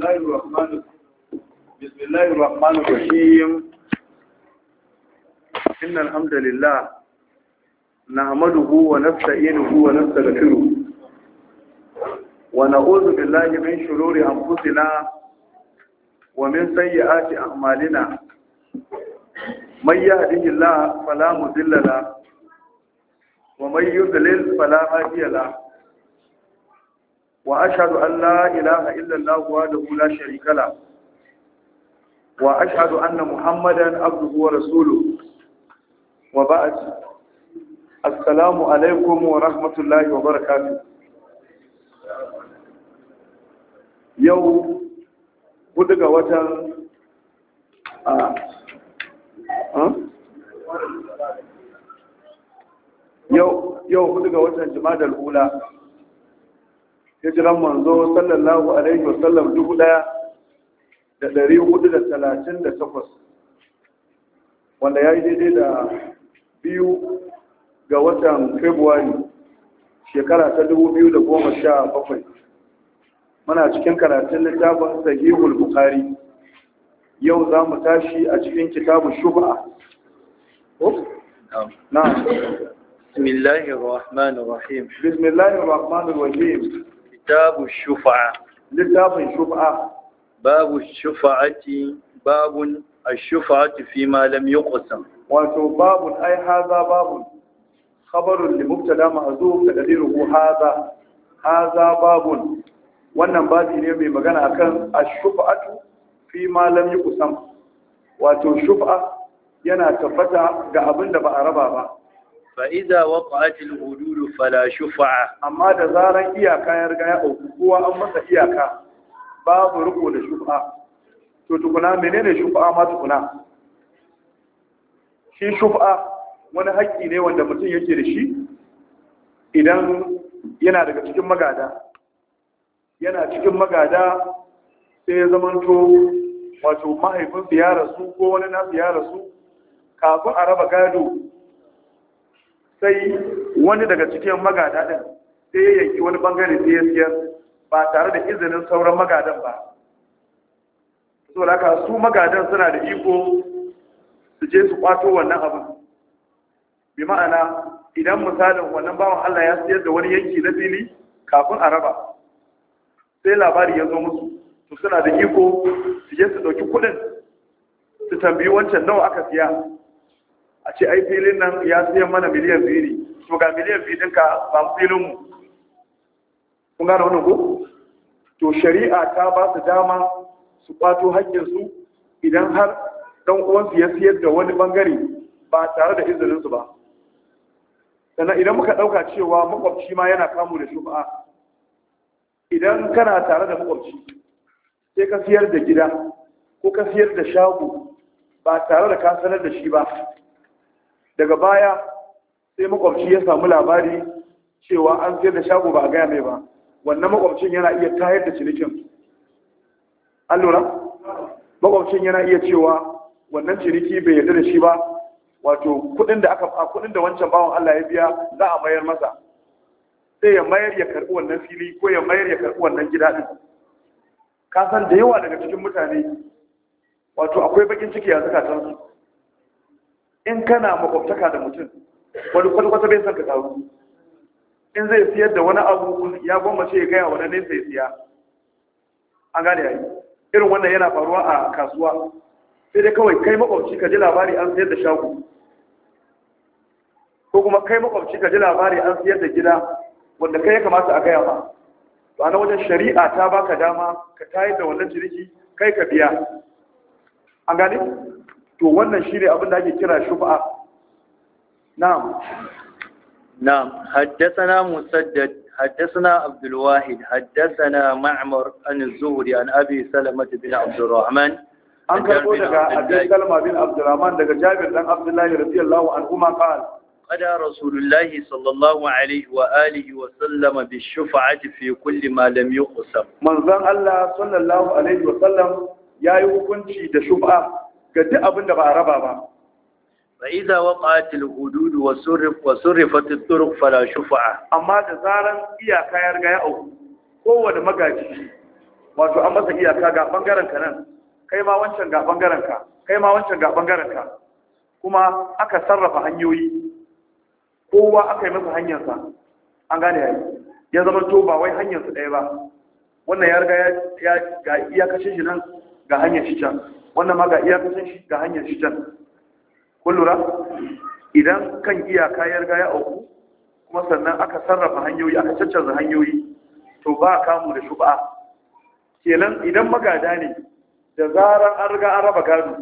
بسم الله الرحمن الرحيم إن الحمد لله نعمله ونفتئنه ونفتغفره ونعوذ بالله من شرور أنفسنا ومن سيئات أعمالنا من يهده الله فلا مضل له ومن يذلل فلا هادي له وأشهد أن لا إله إلا الله وحده لا شريك له وأشهد أن محمدا عبده ورسوله وبعد السلام عليكم ورحمة الله وبركاته يوم بدك وتن آه. آه. yau hudu ga watan jima'a da al'ula hijiran manzo sallallahu alaihi wasallam dubu daya da dari hudu da talatin da takwas wanda ya yi daidai da biyu ga watan februari shekara ta dubu biyu da goma sha bakwai muna cikin karatun littafin sahihul bukari yau za mu tashi a cikin kitabun shuba'a na بسم الله الرحمن الرحيم بسم الله الرحمن الرحيم kitabu shufa'a littafin shufa'a babu shufa'ati babun ash-shufa'ati fi ma lam yuqsam wato babun ai haza babun khabarun li mubtada ma'zuf taqdiruhu haza haza wannan babi ne mai magana akan ash-shufa'atu fi ma lam yuqsam wato shuf'a yana tabbata ga abin da ba a raba ba fa'iza waqa'atil hudud fala shufa'a amma da zaran iyaka ya riga ya auku kowa an masa iyaka babu riko da shufa'a to tukuna menene shufa'a ma tukuna shi shufa'a wani haƙƙi ne wanda mutum yake da shi idan yana daga cikin magada yana cikin magada sai ya zamanto wato mahaifinsu ya rasu ko wani nasu ya rasu kafin a raba gado sai wani daga cikin magada din sai ya yanki wani bangare sai ya siyar ba tare da izinin sauran magadan ba so da su magadan suna da iko su je su kwato wannan abin bi ma'ana idan misalin wannan bawan Allah ya siyar da wani yanki na fili kafin a raba sai labari ya zo musu su suna da iko su je su ɗauki kuɗin su tambayi wancan nawa aka siya a ce ai filin nan ya siya mana miliyan biyu ne to ga miliyan biyu ɗinka ba filin mu kun gane wannan ku? to shari'a ta ba su dama su kwato haƙƙinsu idan har ɗan uwansu ya siyar da wani bangare ba tare da izininsu ba sannan idan muka ɗauka cewa makwabci ma yana kamu da shuba'a idan kana tare da makwabci sai ka siyar da gida ko ka siyar da shago ba tare da ka sanar da shi ba daga baya sai makwabci ya samu labari cewa an sayar da shago ba a gaya mai ba wannan makwabcin yana iya tayar da cinikin an lura makwabcin yana iya cewa wannan ciniki bai yarda da shi ba wato kudin da aka a kudin da wancan bawan Allah ya biya za a mayar masa sai ya mayar ya karbi wannan fili ko ya mayar ya karbi wannan gida din ka san da yawa daga cikin mutane wato akwai bakin ciki a zakatansu in kana makwabtaka da mutum wani kwata-kwata bai san ka taru in zai siyar da wani abu ya gwammace ya gaya wani nesa ya siya an gane yayi irin wannan yana faruwa a kasuwa sai dai kawai kai makwabci ka ji labari an siyar da shago ko kuma kai makwabci ka ji labari an siyar da gida wanda kai ya kamata a gaya ma ba na wajen shari'a ta baka dama ka tayar da wannan ciniki kai ka biya an gane to wannan shi ne abinda ake kira shuba na'am na'am haddathana musaddad haddathana abdul wahid haddathana ma'mar an zuhri an abi salamah bin abdur rahman an karbo daga abi salamah bin abdur daga jabir dan abdullahi radiyallahu anhu ma qala قد رسول الله صلى الله عليه واله وسلم بالشفاعه في كل ما لم يقسم من ذا الله صلى الله عليه وسلم يا يحكمي بالشفاعه ga duk abin da ba a raba ba fa idza waqa'at hudud wa surrif wa surrifat at-turuq fala shufa'a amma da zaran iyaka ya riga ya auku kowanne magaji wato an masa iyaka ga bangaren ka nan kai ma wancan ga bangaren ka kai ma wancan ga bangaren ka kuma aka sarrafa hanyoyi kowa aka yi masa hanyarsa an gane yayi ya zama to ba wai hanyar su ɗaya ba wannan ya riga ya ga iyakacin shi nan ga hanyar shi can wannan ma ga iyakacin shi ga hanyar shi can kullura idan kan iyaka ya riga ya auku kuma sannan aka sarrafa hanyoyi aka caccanza hanyoyi to ba kamu da shuba kenan idan magada ne da zarar an riga an raba gado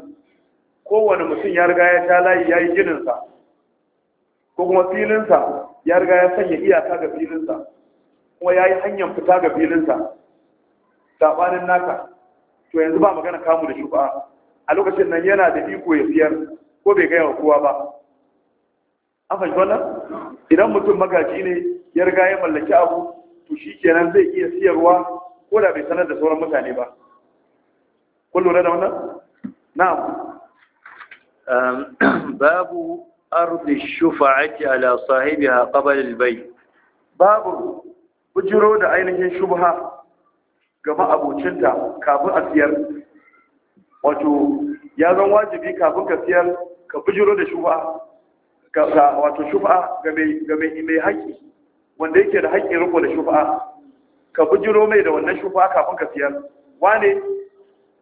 kowane mutum ya riga ya sha layi ya yi gininsa ko kuma filinsa ya riga ya sanya iyaka ga filinsa kuma ya yi hanyar fita ga filinsa saɓanin naka to yanzu ba magana kamu da shuba a lokacin nan yana da iko ya siyar ko bai gaya wa kowa ba an fahimci wannan idan mutum magaji ne ya riga ya mallaki abu to shi kenan zai iya siyarwa ko da bai sanar da sauran mutane ba kun lura da wannan na'am babu ardi shufa'ati ala sahibiha qabla al-bay babu bujuro da ainihin shubha gama abocinta kafin a siyar wato ya zan wajibi kafin ka siyar ka bujiro da shufa wato shufa ga mai haƙi wanda yake da haƙin riko da shufa ka bujiro mai da wannan shufa kafin ka siyar wane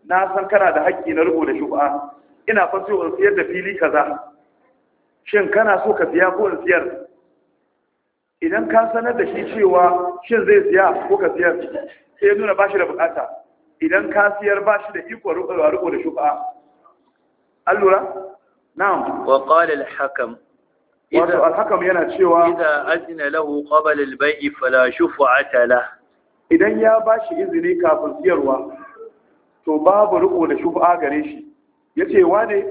na san kana da haƙƙi na riko da shufa ina fa so in siyar da fili kaza shin kana so ka siya ko in siyar idan ka sanar da shi cewa shin zai siya ko ka siyar sai nuna ba shi da bukata idan ka siyar ba shi da iko riko da shufa an lura na'am wa qala al-hakam wato al-hakam yana cewa idan azina lahu qabala al-bay'i fala shuf'ata la idan ya ba shi izini kafin siyarwa to babu riko da shufa gare shi yace wane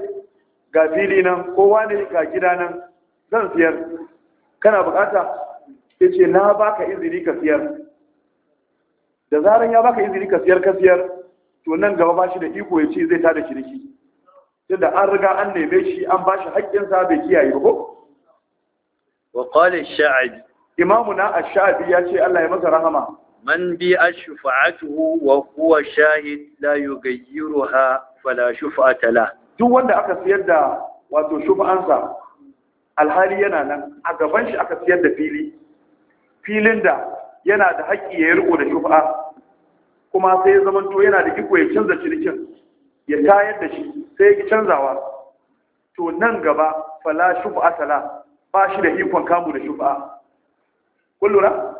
ga fili nan ko wane ga gida nan zan siyar kana bukata sai ce na baka izini ka siyar da zaran ya baka izini ka siyar ka siyar to nan gaba ba shi da iko ya ce zai tada ciniki tunda an riga an neme shi an ba shi sa bai kiyaye ba ko wa qala imamuna ash-sha'bi ya ce Allah ya masa rahama man bi ash-shufa'atuhu wa huwa shahid la yughayyiruha fala shufa'ata la duk wanda aka siyar da wato shufa'ansa alhali yana nan a gaban shi aka siyar da fili filin da yana da haƙƙi ya yi riko da shufa kuma sai ya zama to yana da iko ya canza cinikin ya tayar da shi sai ya ki canzawa to nan gaba fala shufa sala ba shi da ikon kamu da shufa kun lura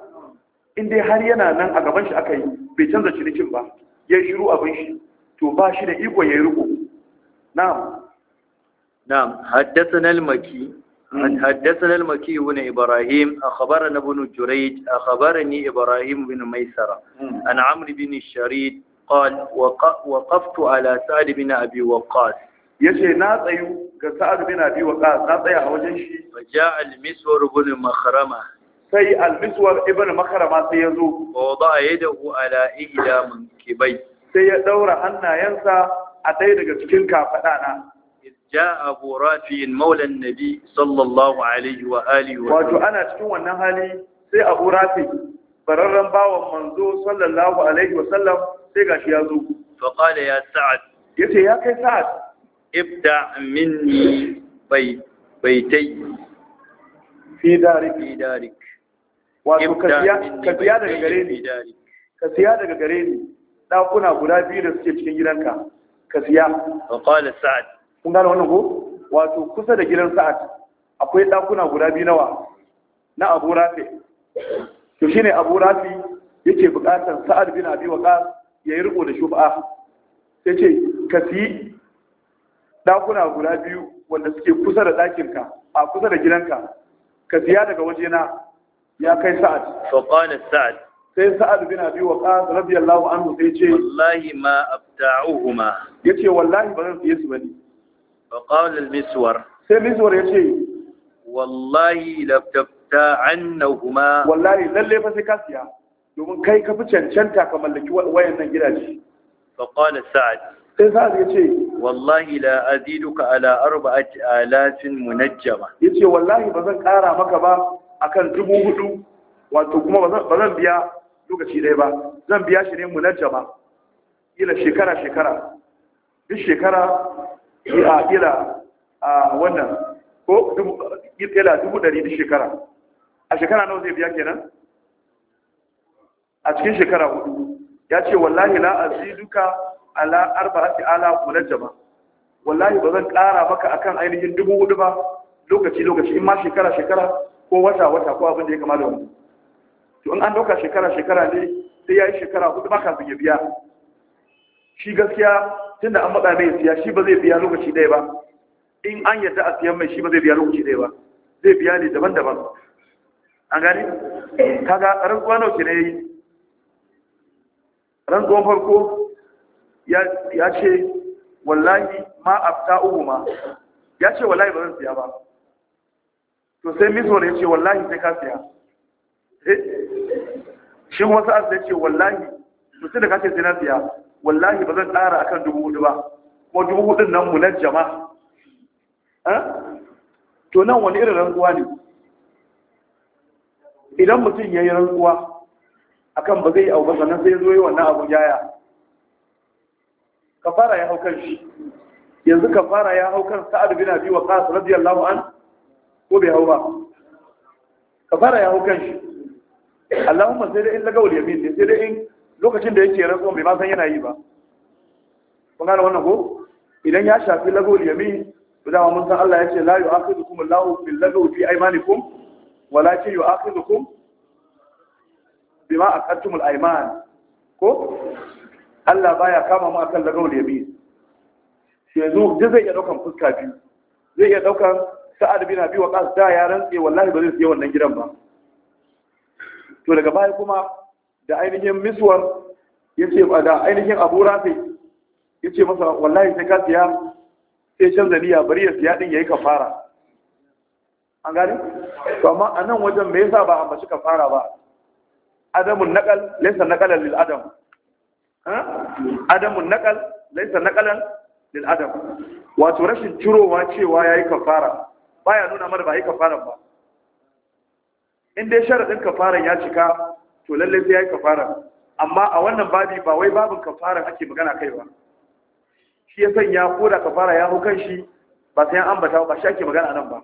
in dai har yana nan a gaban shi aka yi bai canza cinikin ba ya shiru abin shi to ba shi da ikon ya yi riko na'am na'am haddathana al-maki حدثنا المكي بن إبراهيم أخبرنا بن جريج أخبرني إبراهيم بن ميسرة أن عمرو بن الشريد قال وقفت على سعد بن أبي وقاص yace na tsayu ga sa'ad bin abi waqas na tsaya a wajen shi fa ja'a al-miswar ibn makhrama sai al-miswar ibn makhrama sai yazo wa wada'a yadahu ala ihda min kibai sai ya ɗaura hannayensa a dai daga cikin kafada جاء أبو رافع مولى النبي صلى الله عليه وآله وسلم واتو أنا cikin wannan hali sai Abu Rafi bararran bawan manzo sallallahu alaihi wasallam sai gashi ya zo fa qala ya sa'ad yace ya kai sa'ad ibda minni bai baitai fi darik fi darik wato ka siya daga gare ni ka siya daga gare ni dakuna guda biyu da suke cikin gidanka ka siya fa sa'ad kun gane wannan ko wato kusa da gidan sa'ad akwai ɗakuna guda biyu nawa na abu rafi to shine abu rafi yake buƙatar sa'ad bin abi waqas ya yi riko da shubha Ya ce ka fi ɗakuna guda biyu wanda suke kusa da ɗakinka a kusa da gidanka ka siya daga wajena ya kai sa'ad fa qala sa'ad sai sa'ad bin abi waqas radiyallahu anhu sai ce wallahi ma abta'uhuma yace wallahi ba zan siye su bane فقال المسور سي مسور يشي والله لابتبتعنهما والله للي فسكاسيا domin kai ka fi cancanta ka mallaki wayannan gidaje فقال سعد sai sa'ad ya ce wallahi la aziduka ala arba'ati alafin munajjama ce wallahi ba zan kara maka ba akan dubu hudu wato kuma ba zan biya lokaci ɗaya ba zan biya shi ne munajjama ila shekara shekara duk shekara ila ila a wannan ko ila dubu ɗari da shekara a shekara nawa zai biya kenan a cikin shekara hudu ya ce wallahi la aziduka ala arba'ati ala munajjama wallahi ba zan ƙara maka akan ainihin dubu hudu ba lokaci lokaci in ma shekara shekara ko wata wata ko abin da ya kamata da to in an dauka shekara shekara ne sai ya yi shekara hudu maka su biya shi gaskiya tunda an matsa mai siya shi ba zai biya lokaci ɗaya ba in an yadda a siyan mai shi ba zai biya lokaci ɗaya ba zai biya ne daban-daban an gani kaga rantsuwa nau ke na rantsuwan farko ya ce wallahi ma a fita uku ma ya ce wallahi ba zan siya ba to sai miso ne ya ce wallahi sai ka siya eh? shi kuma sa'ad sai ce wallahi mutum da ka ce sai na siya wallahi ba zan ƙara akan dubu hudu ba kuma dubu hudun nan mu najjama to nan wani irin rantsuwa ne idan mutum ya yi rantsuwa akan ba zai yi abu sannan sai ya zo yi wannan abu yaya kafara ya hau kan shi yanzu kafara ya hau kan sa'ad bin abi qas radiyallahu an ko bai hau ba kafara ya hau kan shi Allahumma sai dai in lagawul yamin sai dai in lokacin da yake rantsuwan bai ma san yana yi ba kun gane wannan ko idan ya shafi lagol yamin to dama mun san Allah ya ce la yu'akhidukum Allahu bil lagwi fi aymanikum walakin yu'akhidukum bima aqadtumul ayman ko Allah baya kama mu akan lagol yamin yanzu duk zai iya daukan fuska biyu zai iya daukan sa'ad bin abi waqas da ya rantse wallahi ba zai siya wannan gidan ba to daga baya kuma da ainihin miswar ya ce da ainihin abu rafi ya ce masa wallahi sai ka siya sai canza niyya bari ya siya din ya yi kafara an gani? to amma a nan wajen me yasa ba a mace kafara ba adamun nakal laisa nakalan lil adam adamun nakal laisa nakalan lil adam wato rashin cirowa cewa yayi kafara baya nuna mara ba yi kafaran ba in dai sharadin kafaran ya cika to lallai sai ya yi kafara amma a wannan babi ba wai babin kafara ake magana kai ba shi ya sanya ko da kafara ya hau kan shi ba sai an ambata ba shi ake magana nan ba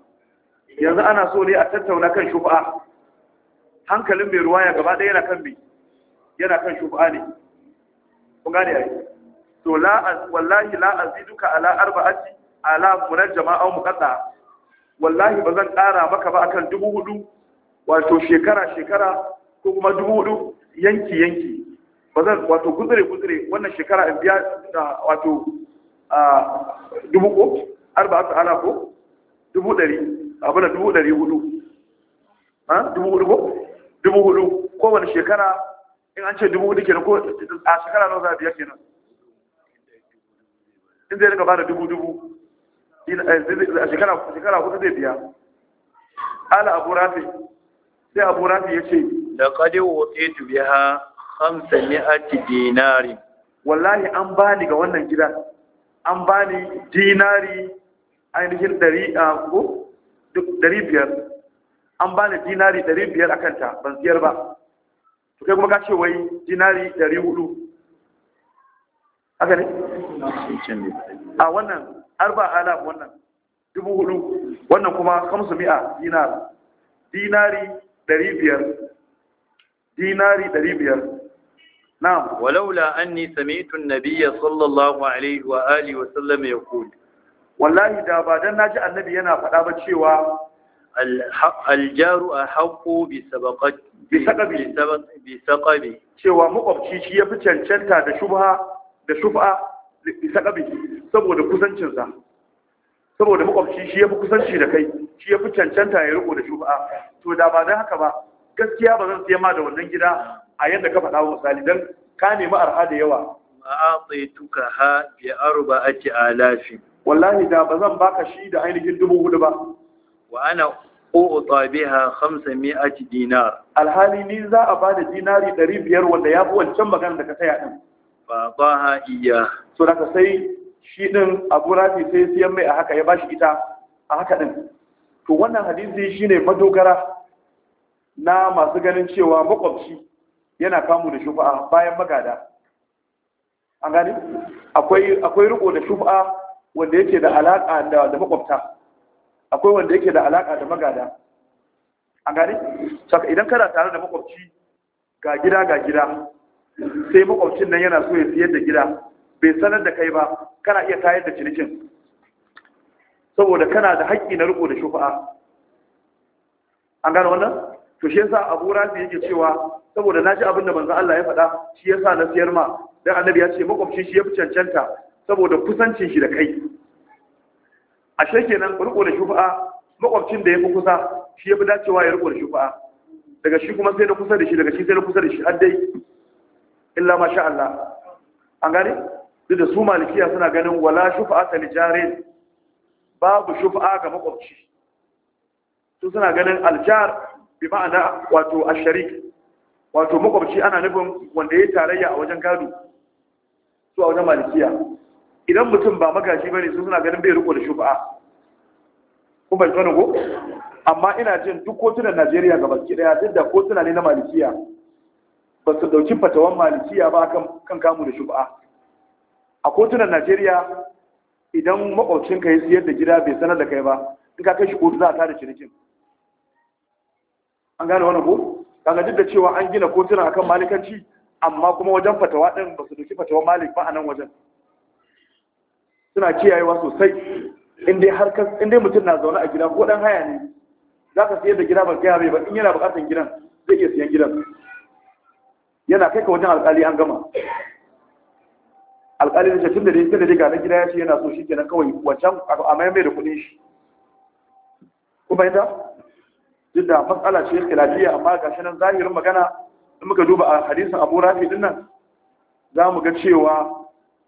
yanzu ana so ne a tattauna kan shufa hankalin mai ruwa ya gaba ɗaya yana kan mai yana kan shufa ne kun gane ai to la wallahi la aziduka ala arba'ati ala murajjama aw muqatta wallahi bazan ƙara maka ba akan dubu hudu wato shekara shekara ko kuma dubu hudu yanki yanki ba zan wato guzure guzure wannan shekara in biya wato dubu ko arba a ala ko dubu dari abin da dubu dari hudu ha dubu hudu ko dubu hudu wani shekara in an ce dubu hudu kenan ko a shekara nawa za a biya kenan in zai rika bada dubu dubu eh, a shekara hudu zai biya ala abu rafi sai abu rafi ya ce laqad wuqitu a ti dinari wallahi an bani ga wannan gida an bani dinari ainihin 100 ko biyar. an bani dinari biyar a kanta ban siyar ba to kai kuma ka ce wai dinari dari hudu haka ne a wannan arba ala wannan dubu hudu wannan kuma kamsu mi'a dinar dinari dari biyar dinari ɗari biyar. na'am walaula anni sami'tu an-nabiyya sallallahu alaihi wa alihi wa sallam yaqul wallahi da ba dan naji annabi yana faɗa ba cewa aljaru a haƙo bisaƙabi cewa makwabci shi ya fi cancanta da shubha da shubha bisaƙabi saboda kusancinsa saboda makwabci shi ya kusanci da kai shi ya fi cancanta ya riko da shubha to da ba dan haka ba gaskiya ba zan siya ma da wannan gida a yadda ka faɗa wa misali don ka nemi arha da yawa ma'ataituka ha bi arba'ati alafi wallahi da ba zan baka shi da ainihin dubu hudu ba wa ana u'ta biha 500 dinar alhali ni za a bada dinari biyar wanda ya fi wancan magana da ka saya din fa baha iya so da ka sai shi din Abu Rafi sai siyan mai a haka ya bashi ita a haka din to wannan hadisi shine madogara na masu ganin cewa makwabci yana kamu da shufa'a bayan magada an gani akwai riko da shufa'a wanda yake da alaƙa da makwabta akwai wanda yake da alaƙa da magada an gani saka idan kana tare da makwabci ga gida ga gida sai makwabcin nan yana so ya siyar da gida bai sanar da kai ba kana iya tayar da cinikin saboda kana da haƙƙi na riko da shufa'a an gani wannan to shi yasa Abu Rafi yake cewa saboda na ji abin da manzo Allah ya faɗa shi yasa na siyar ma dan annabi ya ce makwabci shi ya fi cancanta saboda kusancin shi da kai ashe kenan riko da shufa'a makwabcin da ya fi kusa shi ya fi dacewa ya riko da shufa'a daga shi kuma sai na kusa da shi daga shi sai na kusa da shi har dai illa masha Allah an gane duk da su malikiya suna ganin wala shufa'a ta lijarin babu shufa'a ga makwabci su suna ganin aljar bi ma'ana wato asharik wato makwabci ana nufin wanda ya tarayya a wajen gado su a wajen malikiya idan mutum ba magaji bane su suna ganin bai riko da shubha kuma bai tsano ko amma ina jin duk kotunan Najeriya ga baki daya duk da kotuna ne na malikiya ba su dauki fatawan malikiya ba kan kan kamu da shubha a kotunan Najeriya idan makwabcinka ya siyar da gida bai sanar da kai ba in ka kai shi kotu za a tada cinikin an gane wani ko kaga duk da cewa an gina kotuna akan malikanci amma kuma wajen fatawa din ba su doki fatawa malik ba a nan wajen suna kiyayewa sosai in dai har kan in mutum na zaune a gida ko dan haya ne za ka sayar da gida ba gaya mai ba in yana buƙatar gidan zai iya siyan gidan yana kai ka wajen alƙali an gama alƙali ne, tun da dai tun da ga gida ya ce yana so shi kenan kawai wancan a mai da kuɗin shi kuma da duk da matsala ce lafiya amma gashi nan zahirin magana in muka duba a hadisin Abu Rafi din nan za mu ga cewa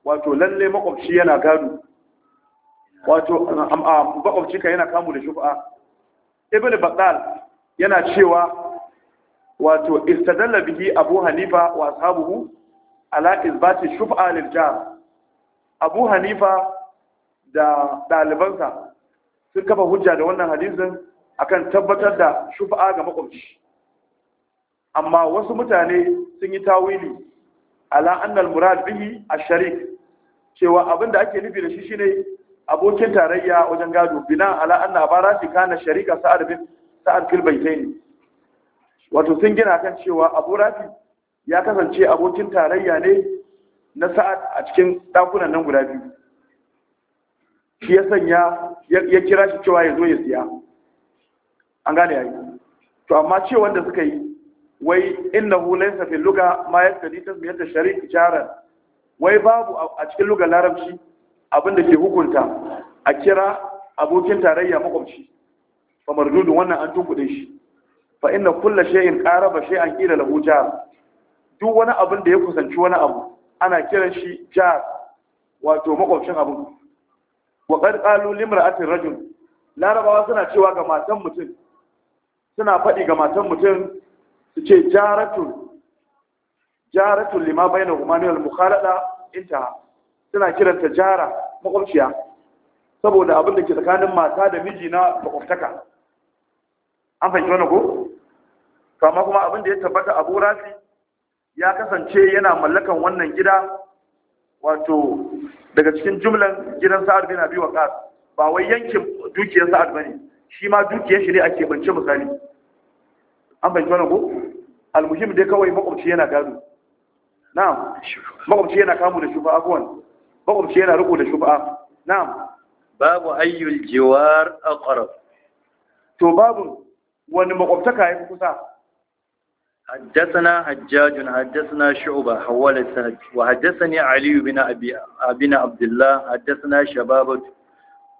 wato lalle makwabci yana gado wato makwabci ka yana kamu da shufa ibn Battal yana cewa wato istadalla bihi Abu Hanifa wa ashabuhu ala isbati shufa lil jar Abu Hanifa da dalibansa sun kafa hujja da wannan hadisin akan tabbatar da shufa'a ga makwabci amma wasu mutane sun yi tawili ala annal murad bihi ash-sharik cewa abinda ake nufi da shi shine abokin tarayya wajen gado bina ala anna barati kana sharika sa'ad bin sa'ad fil baitaini wato sun gina kan cewa Abu ya kasance abokin tarayya ne na sa'ad a cikin dakunan nan guda biyu shi ya sanya ya kira shi cewa ya zo ya siya an gane yayi to amma ce wanda suka yi wai innahu laysa fil lugha ma yastadi tasmiyat ash-sharik jaran wai babu a cikin lugar larabci abinda ke hukunta a kira abokin tarayya makwabci fa mardudun wannan an tunkuɗe shi fa inna kulla shay'in qaraba shay'an ila lahu jar duk wani abin da ya kusanci wani abu ana kiran shi jar wato makwabcin abu wa qad qalu limra'atin rajul larabawa suna cewa ga matan mutum suna faɗi ga matan mutum su ce jaratun jaratun lima na mukhalada inta suna kiranta jara makwabciya saboda abin da ke tsakanin mata da miji na makwabtaka an fahimci wani ko? kama kuma abin da ya tabbata a burasi ya kasance yana mallakan wannan gida wato daga cikin jumlan gidan sa'ad bin abi wa ba wai yankin dukiyar sa'ad bane shi ma dukiyar shi ne a bance misali an bai wannan ko almuhim dai kawai makwabci yana gado na'am makwabci yana kamu da shufa'a kowan makwabci yana riko da shufa'a na'am babu ayyul jiwar aqrab to babu wani makwabtaka yafi kusa حدثنا حجاج حدثنا شعبة حول السند وحدثني علي بن أبي أبن عبد الله حدثنا شبابة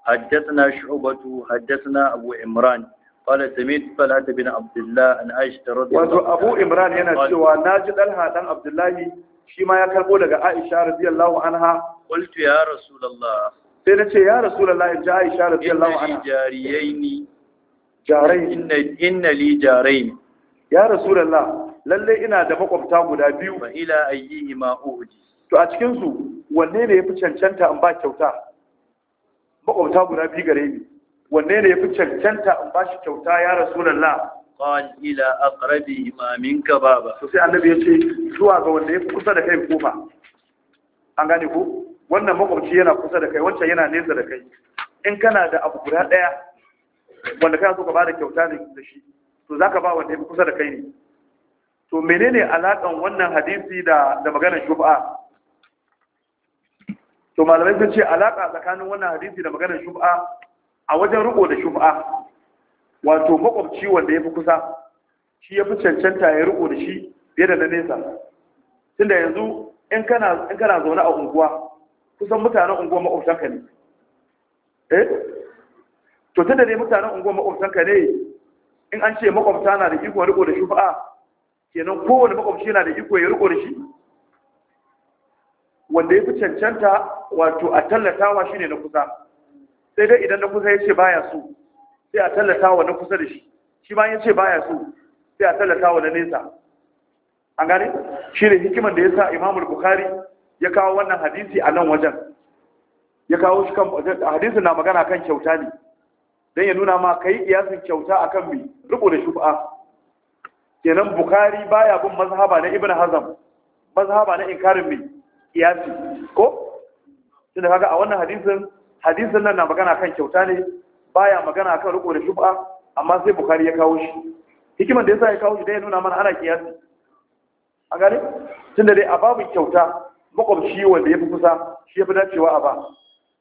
حدثنا شعبة حدثنا أبو عمران قال سميت فلات بن عبد الله عن عائشة رضي الله عنها أبو عمران هنا سوى ناجد ألها عن عبد الله شما يكربو لك عائشة رضي الله عنها قلت يا رسول الله سنتي يا رسول الله إن جاء عائشة رضي الله عنها إن لي جاريين جارين إن, إن لي جارين يا رسول الله للي إنا دمقب تابو دابيو فإلى أيهما أهدي تو أتكنسو wanne ne ya fi cancanta an ba kyauta makwabta guda biyu gare ni wanne ne yafi cancanta in ba shi kyauta ya rasulullah qal ila aqrabi ma ka baba So sai annabi ya ce zuwa ga wanda yafi kusa da kai kofa an gane ko wannan makwabci yana kusa da kai wancan yana nesa da kai in kana da abu guda daya wanda kana so ka bada kyauta ne da shi to zaka ba wanda yafi kusa da kai ne to menene alakan wannan hadisi da da maganar shubha to malamai sun ce alaka tsakanin wannan hadisi da maganar shub'a a wajen riko da shub'a wato makwabci wanda ya fi kusa shi ya fi cancanta ya riko da shi fiye da na nesa tunda yanzu in kana zaune a unguwa kusan mutanen unguwa maƙwabtanka ne eh to da ne mutanen unguwa makwabtanka ne in an ce makwabta na da iko riko da shub'a kenan kowane makwabci yana da iko ya riko da shi wanda ya fi cancanta wato a tallatawa shi ne na kusa sai dai idan na kusa ya ce baya so sai a tallatawa na kusa da shi shi ma ya ce baya so sai a tallatawa na nesa an gane shi ne hikiman da ya sa imamul bukari ya kawo wannan hadisi a nan wajen ya kawo shi kan hadisi na magana kan kyauta ne don ya nuna ma kai kiyasin kyauta akan mai riko da shufa kenan bukari baya bin mazhaba na ibn hazam mazhaba na inkarin mai kiyasi ko tunda kaga a wannan hadisin hadisin nan na magana kan kyauta ne baya magana kan riko da shubha amma sai bukhari ya kawo shi hikiman da yasa ya kawo shi dai nuna mana ana kiyasi a gane tunda dai a babu kyauta makwabci wanda ya fi kusa shi ya fi dacewa a ba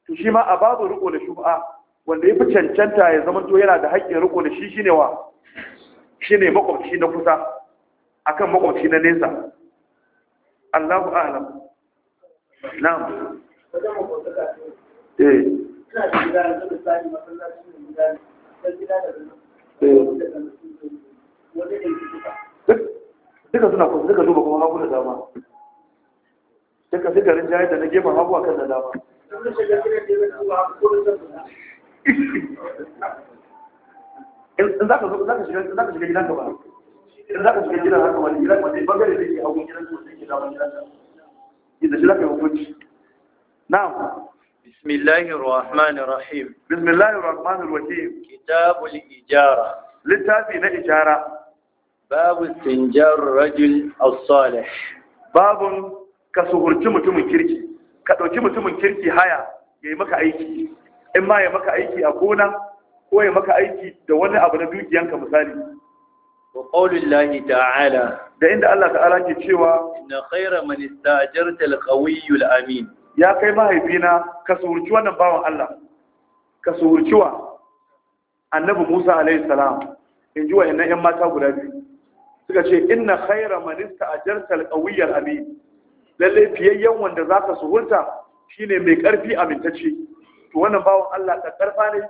to shi ma a babu riko da shubha wanda ya fi cancanta ya zama to yana da haƙƙin riko da shi shine wa shine makwabci na kusa akan makwabci na nesa Allahu a'lam na'am eh. Eh. duka suna kusa duka duba kuma hagu da dama duka suka rinjaye da na gefen hagu a kan da dama in za ka shiga gidanka ba in za ka shiga gidan haka wani gidan wani bangare da ke hagu gidan su da ke dama gidanka إذا شلك يوفج نعم بسم الله الرحمن الرحيم بسم الله الرحمن الرحيم كتاب الإجارة لتابين إجارة باب السنجار الرجل الصالح باب كسهرتي جمع كيركي كدوكي متمن كيركي هيا yayi maka aiki in ma ya maka aiki a gona ko ya maka aiki da wani abu na dukiyanka misali wa qaulillahi ta'ala da inda Allah ta'ala ke cewa inna khayra man istajarta al-qawiyyu amin ya kai mahaifina ka suhurci wannan bawan Allah ka suhurci wa annabi Musa alaihi salam in ji wa wayannan 'yan mata guda biyu suka ce inna khayra man istajarta al-qawiyyu al-amin lalle fiyayyen wanda ka suhurta shine mai ƙarfi amintacce to wannan bawan Allah ka karfa ne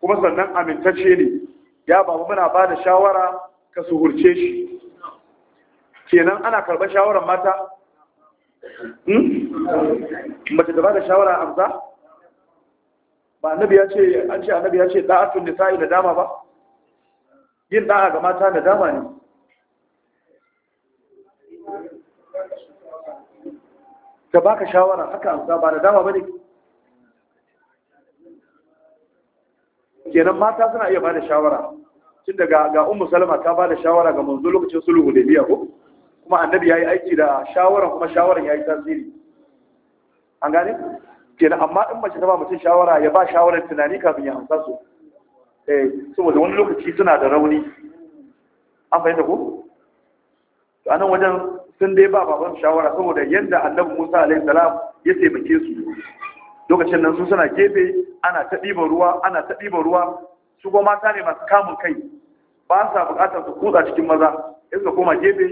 kuma sannan amintacce ne ya babu muna ba da shawara ka suhurce shi kenan ana karɓar shawarar mata hmm? mace da ba da shawara amsa ba annabi ya ce an ce annabi ya ce da'atun nisa'i da dama ba yin da'a ga mata da dama ne ba ka shawara haka amsa ba da dama ba ne? kenan mata suna iya ba da shawara tunda ga ga ummu salama ta bada shawara ga manzo lokacin sulhu hudaybiya ko kuma annabi yayi aiki da shawara kuma shawaran yayi tasiri an gane kenan amma in mace ta ba mutum shawara ya ba shawarar tunani kafin ya hamsa su eh saboda wani lokaci suna da rauni an fahimta ko to anan wajen sun dai ba baban shawara saboda yadda annabi Musa alaihi salam ya taimake su lokacin nan su suna gefe ana ta ɗiban ruwa ana ta ɗiban ruwa su kuma mata ne masu kamun kai ba sa bukatar su kutsa cikin maza in suka koma gefe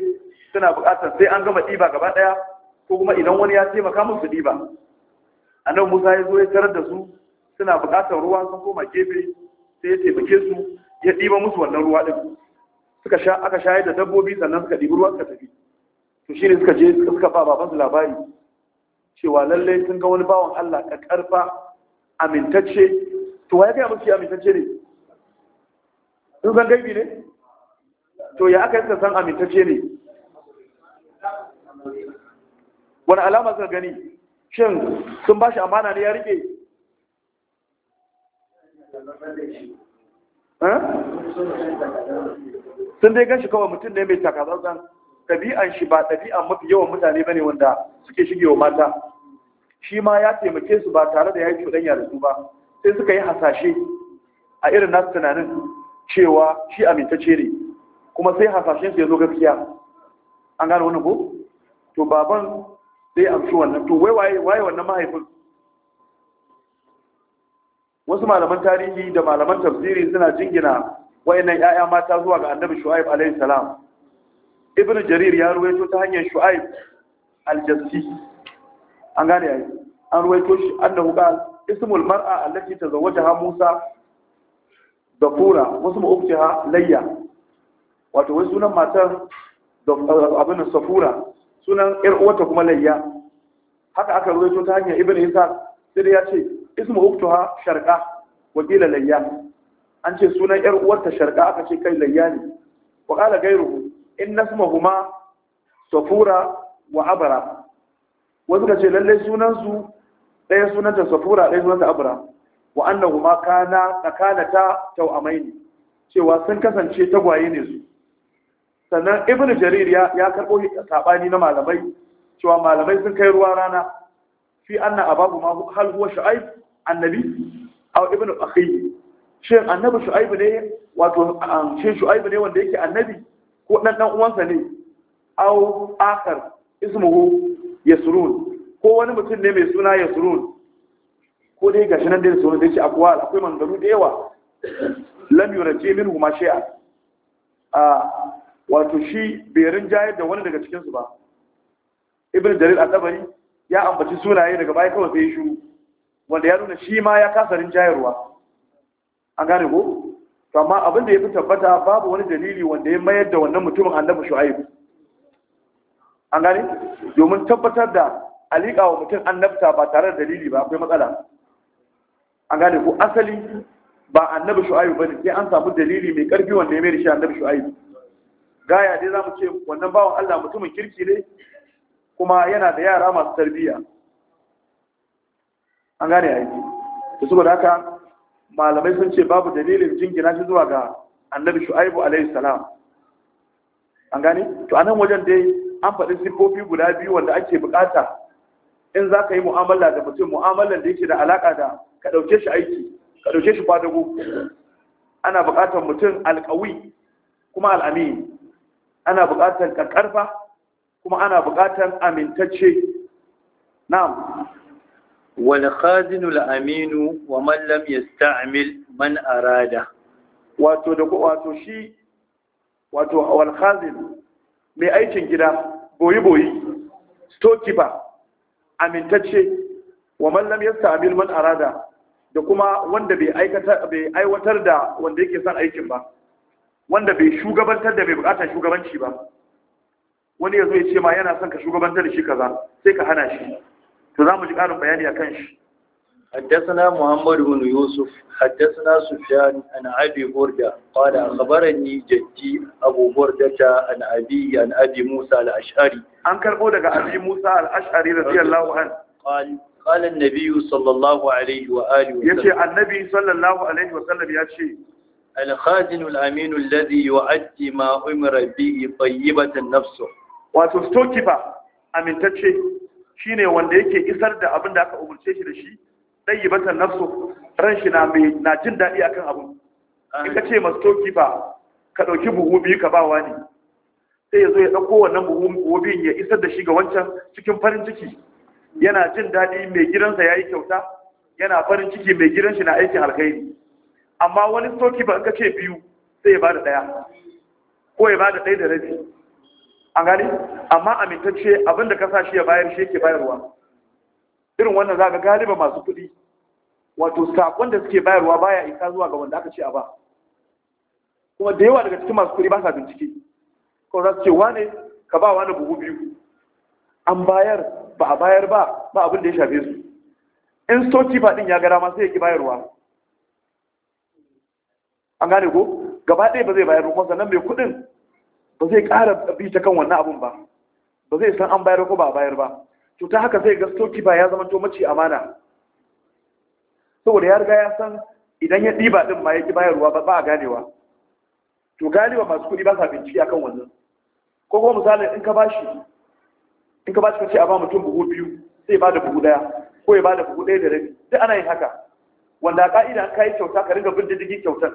suna bukatar sai an gama ɗiba gaba ɗaya ko kuma idan wani ya taimaka musu ɗiba annabi musa ya zo ya tarar da su suna bukatar ruwa sun koma gefe sai ya taimake su ya ɗiba musu wannan ruwa ɗin suka sha aka shayar da dabbobi sannan suka ɗibi ruwa suka tafi to shi ne suka je suka ba baban su labari cewa lallai sun ga wani bawan Allah karfa amintacce to ya kai musu amintacce ne sun ne to ya aka yi san amintacce ne wani alama suka gani shin sun ba shi amana ne ya rike eh? sun dai gan shi kawai mutum ne mai takazazan ɗabi'an shi ba ɗabi'an mafi yawan mutane ba ne wanda suke shigewa mata shi ma ya taimake su ba tare da ya yi cuɗanya da su ba sai suka yi hasashe a irin nasu tunanin cewa shi amintacce ne kuma sai hasashen su ya zo gaskiya an gane wani ko to baban sai amshi wannan to wai waye wannan mahaifin wasu malaman tarihi da malaman tafsiri suna jingina wayannan ya'ya mata zuwa ga annabi shu'aib alaihi salam ibnu jarir ya ruwaito ta hanyar shu'aib al-jassi an gane yi, an ruwaito shi annahu qala ismul mar'a allati tazawwajaha musa dafura wasu ha layya wato wai sunan matan eh, abin safura sunan yar uwarta kuma layya haka aka ruwaito ta hanyar ibn isa sai ya ce ismu ha sharqa wakila layya an ce sunan yar uwarta sharqa aka ce kai layya ne wa qala gairu in huma safura wa abra wasu ka ce lalle sunan su ɗaya sunanta safura ɗaya sunanta abra wa annahu ma kana tsakanata tawamaini cewa sun kasance tagwaye ne su sannan ibnu jarir ya ya karbo sabani na malamai cewa malamai sun kai ruwa rana fi anna ababu ma hal huwa shu'aib annabi aw ibnu akhi shin annabi shu'aib ne wato an um, ce shu'aib ne wanda yake annabi ko dan dan uwansa ne aw akhar ismuhu yasrun ko wani mutum ne mai suna yasrun ko dai gashi nan dai sauran sai ce akwai akwai mangaru da yawa lam ce min huma shi'a a wato shi berin jayar da wani daga cikinsu ba ibn jarir al-tabari ya ambaci sunaye daga baya kawai sai shiru wanda ya nuna shi ma ya kasa jayarwa. an gane ko to amma abin da ya fi tabbata babu wani dalili wanda ya mayar da wannan mutumin annabi shu'aib an gane domin tabbatar da alika wa mutum annabta ba tare da dalili ba akwai matsala a gane ko asali ba annabi shu'aibu bane sai an samu dalili mai karfi wanda ya mai shi annabi shu'aibu gaya dai zamu ce wannan bawan Allah mutumin kirki ne kuma yana da yara masu tarbiyya an gane yi to saboda haka malamai sun ce babu dalilin jingina shi zuwa ga annabi shu'aibu alaihi salam an gane to nan wajen dai an faɗi siffofi guda biyu wanda ake bukata in za ka yi mu'amala da mutum mu'amalan da yake da alaƙa da ka ɗauke shi aiki ka ɗauke shi kwadago ana buƙatar mutum alƙawi kuma al'amini. ana buƙatar ƙarƙarfa kuma ana buƙatar amintacce na'am wal khazinu aminu wa Mallam ya yasta'mil man arada wato da wato shi wato wal mai aikin gida boyi boyi stokiba amintacce wa Mallam ya yasta'mil man arada da kuma wanda bai aiwatar da wanda yake son aikin ba wanda bai shugabantar da bai bukatar shugabanci ba wani ya zo ya ce ma yana son ka shugabantar da shi kaza sai ka hana shi to za mu ji ƙarin bayani a kan shi حدثنا محمد بن يوسف حدثنا سفيان عن أبي بردة قال أخبرني جدي أبو بردة عن أبي عن أبي موسى الأشعري أنكر بودك أبي موسى الأشعري رضي الله عنه قال قال النبي صلى الله عليه وآله وسلم يتي النبي صلى الله عليه وسلم يتي الخازن الأمين الذي يؤدي ما أمر به طيبة نفسه وتستوكب أمين تتشي shine wanda yake isar da abin da aka umurce shi da shi dayyibatan nafsu ran shi na mai na jin dadi akan abin in ka ce mastoki ka buhu biyu ka ne sai ya zo ya dauko wannan buhu biyu ya isar da shi ga wancan cikin farin ciki yana jin daɗi mai gidansa ya yi kyauta yana farin ciki mai gidansa na aikin alkhairi amma wani soki ba ka ce biyu sai ya bada ɗaya ko ya bada ɗaya da rabi an gani amma amintacce abinda ka sa shi ya bayar shi yake bayarwa irin wannan za ga galiba masu kuɗi wato sakon da suke bayarwa baya isa zuwa ga wanda aka ce a ba kuma da yawa daga cikin masu kuɗi ba sa bincike ko za su ce wane ka ba wani buhu biyu an bayar ba a bayar ba ba abin da ya shafe su in soci ba din ya gara ma sai ya bayarwa an gane ko gaba ɗaya ba zai bayar kuma sannan mai kuɗin ba zai ƙara bi ta kan wannan abun ba ba zai san an bayar ko ba a bayar ba to ta haka zai ga soki ba ya zama to mace amana saboda ya riga ya san idan ya ɗiba ɗin ma yake bayarwa ba a ganewa to galiba masu kuɗi ba sa bincike akan wannan ko kuma misalin in ka bashi in ka ba su kace a ba mutum buhu biyu sai ba da buhu daya ko ya ba da buhu daya da rabi duk ana yin haka wanda a ka'ida an kai kyauta ka ringa bin diddigi kyautar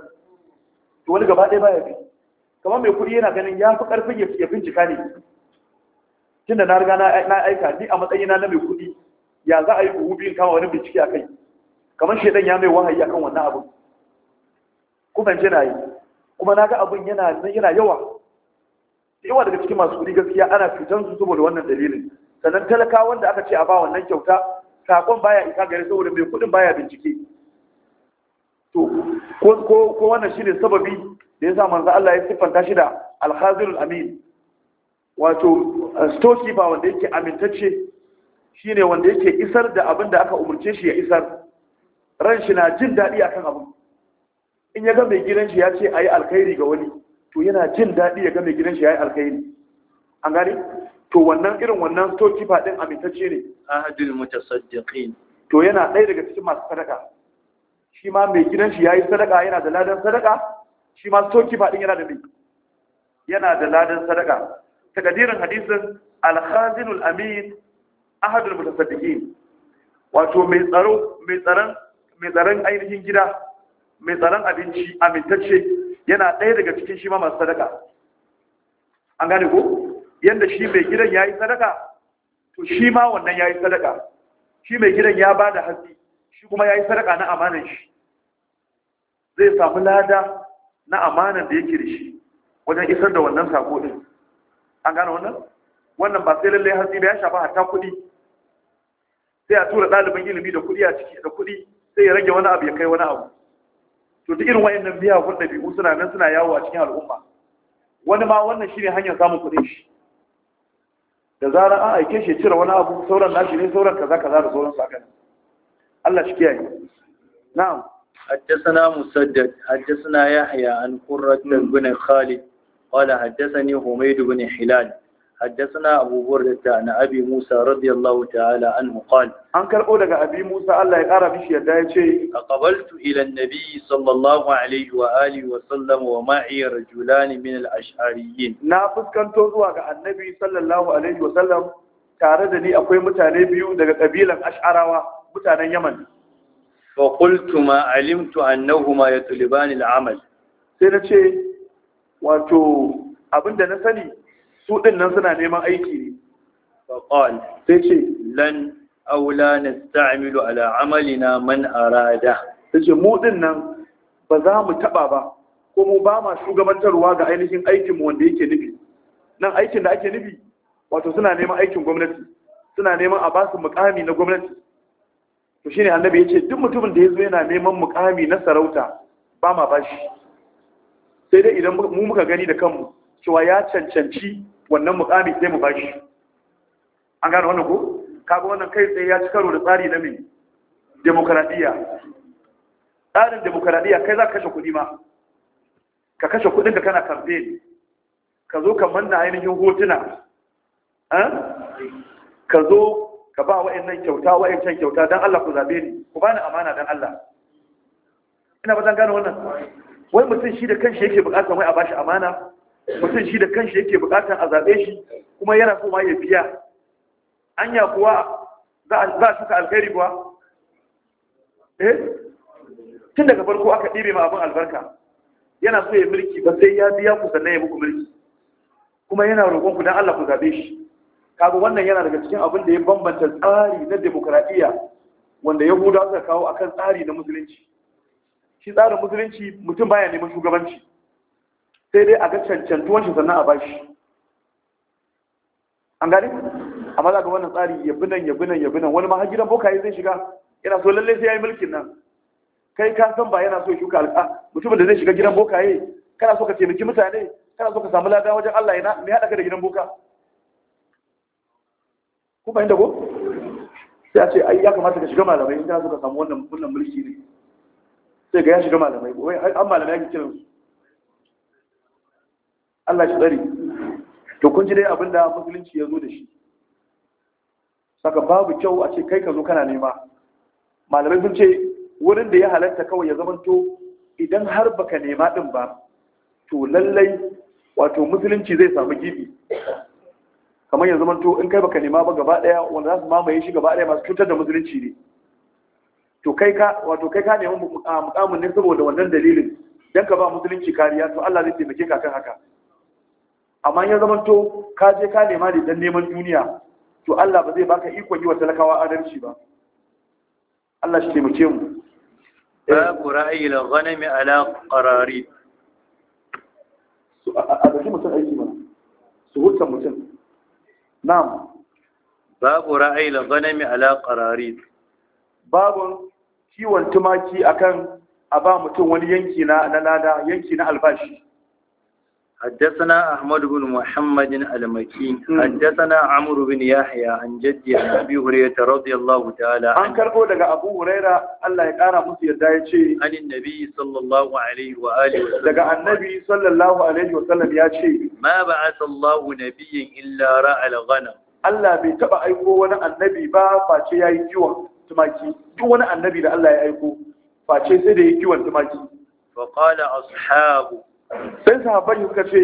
to wani gaba ɗaya baya bi kamar mai kuɗi yana ganin ya fi ƙarfin ya bincika ne tunda na riga na aika ni a matsayina na mai kuɗi ya za a yi buhu biyun kama wani bincike a kai kamar shaidan ya mai wahayi akan wannan abin. kuma na yi kuma na ga abin yana yawa yawa daga cikin masu kuɗi gaskiya ana cutan su saboda wannan dalilin sannan talaka wanda aka ce a ba wannan kyauta sakon baya isa gare saboda mai kuɗin baya bincike to ko wannan shine sababi da yasa manzo Allah ya siffanta shi da al-khazirul amin wato ba wanda yake amintacce shine wanda yake isar da abin da aka umurce shi ya isar ran shi na jin daɗi akan abu in ya ga mai gidan shi ya ce ayi alkhairi ga wani to yana jin daɗi ya ga mai gidan shi ya yi alkhairi an gani to wannan irin wannan stokifa ɗin amintacce ne ahadul mutasaddiqin to yana ɗaya daga cikin masu sadaka shi ma mai gidan shi ya yi sadaka yana da ladan sadaka shi ma stokifa ɗin yana da mai yana da ladan sadaka takadirin hadisin alhazinul amin ahadul mutasaddiqin wato mai tsaro mai tsaron mai tsaron ainihin gida mai tsaron abinci amintacce yana ɗaya daga cikin shi ma masu sadaka an gane ko yadda shi mai gidan ya yi sadaka to shi ma wannan ya yi sadaka shi mai gidan ya ba da hatsi shi kuma ya yi sadaka na amanan shi zai samu lada na amanan da yake da shi wajen isar da wannan sako ɗin. an gane wannan wannan ba sai lallai hatsi ba ya shafa hatta kuɗi sai a tura ɗalibin ilimi da kuɗi a ciki da kuɗi sai ya rage wani abu ya kai wani abu to duk irin wayannan miyagun ɗabi'u suna nan suna yawo a cikin al'umma wani ma wannan shine hanyar samun kuɗin shi da zarar an aike shi cire wani abu sauran nashi ne sauran kaza kaza da sauran sa kan Allah shi kiyaye na'am حدثنا مسدد حدثنا يحيى عن قرة بن خالد قال حدثني حميد بن حلال حدثنا أبو بردة عن أبي موسى رضي الله تعالى عنه قال أنكر أولك أبي موسى الله يقرأ بشي يدايتي أقبلت إلى النبي صلى الله عليه وآله وسلم ومعي رجلان من الأشعريين نافذ كان توزوك النبي صلى الله عليه وسلم تاردني أقوي متانيبيو دقى قبيلا أشعراوا متانا يمن فقلت ما علمت أنهما يطلبان العمل سينا شيء وانتو abinda na sani su din nan suna neman aiki ne faqal sai ce lan aula nasta'milu ala amalina man arada sai ce mu nan ba za mu taɓa ba ko mu ba ma shugabantarwa ga ainihin aikinmu wanda yake nufi nan aikin da ake nufi wato suna neman aikin gwamnati suna neman a ba su mukami na gwamnati to shine annabi ce duk mutumin da ya zo yana neman mukami na sarauta ba ma bashi sai dai idan mu muka gani da kanmu cewa ya cancanci wannan mukami sai mu bashi an gano wannan ko kaga wannan kai sai ya ci karo da tsari na mai demokradiya tsarin demokradiya kai za ka kashe kuɗi ma ka kashe kuɗin ka kana campaign ka zo ka manna ainihin hotuna eh? ka zo ka ba wa'annan kyauta wa'ancan kyauta don Allah ku zabe ni ku bani amana don Allah ina ba zan gano wannan wai mutum shi da kanshi yake bukatar wai a bashi amana mutum shi da kanshi yake bukatar a zaɓe shi kuma yana kuma ya biya anya kuwa za a suka alkhairi kuwa eh tun daga farko aka ɗibe ma abin albarka yana so ya mulki ba sai ya biya ku sannan ya muku mulki kuma yana roƙon ku don Allah ku zaɓe shi kaga wannan yana daga cikin abin da ya bambanta tsari na demokradiyya wanda yahudawa suka kawo akan tsari na musulunci shi tsarin musulunci mutum baya neman shugabanci sai dai a ga cancantuwan shi sannan a bashi an gani amma za ga wannan tsari ya binan ya binan ya binan wani ma har gidan bokaye zai shiga yana so lallai sai ya yi mulkin nan kai ka san ba yana so shuka alƙa mutumin da zai shiga gidan bokaye kana so ka taimaki mutane kana so ka samu lada wajen Allah yana me haɗa ka da gidan boka ko bayan da ko sai a ce ai ya kamata ka shiga malamai in ka so ka samu wannan wannan mulki ne sai ga ya shiga malamai wai an malamai ake kiransu Allah shi tsari to kun ji dai abin da musulunci ya zo da shi saka babu kyau a ce kai ka zo kana nema malamai sun ce wurin da ya halatta kawai ya to idan har baka nema din ba to lallai wato musulunci zai samu gibi kamar ya zamanto in kai baka nema ba gaba daya wanda za su mamaye shi gaba daya masu cutar da musulunci ne to kai ka wato kai ka nemi mukamin ne saboda wannan dalilin dan ka ba musulunci kariya to Allah zai taimake ka kan haka amma ya zama to ka je ka nema ne dan neman duniya to Allah ba zai baka ikon yi wa talakawa adalci ba Allah shi taimake mu eh. babu ra'ayi la ghanami ala qarari su a kuma mutum aiki mana su hutan mutum na'am babu ra'ayi la ghanami ala qarari babu kiwon tumaki akan a ba mutum wani yanki na lada yanki na albashi حدثنا أحمد بن محمد المكي حدثنا عمرو بن يحيى عن جدي عن أبي هريرة رضي الله تعالى عن كربو لغا أبو هريرة الله يقارى مسير دايتشي عن النبي صلى الله عليه وآله وسلم لغا النبي صلى الله عليه وسلم ياتشي ما بعث الله نبيا إلا رأى الغنم الله بيتبع أيقو وانا النبي با فاتشي يا يجوان تماكي وانا النبي لألا يأيقو فاتشي سيدي يجوان تماكي فقال أصحابه sai sahabban yi suka ce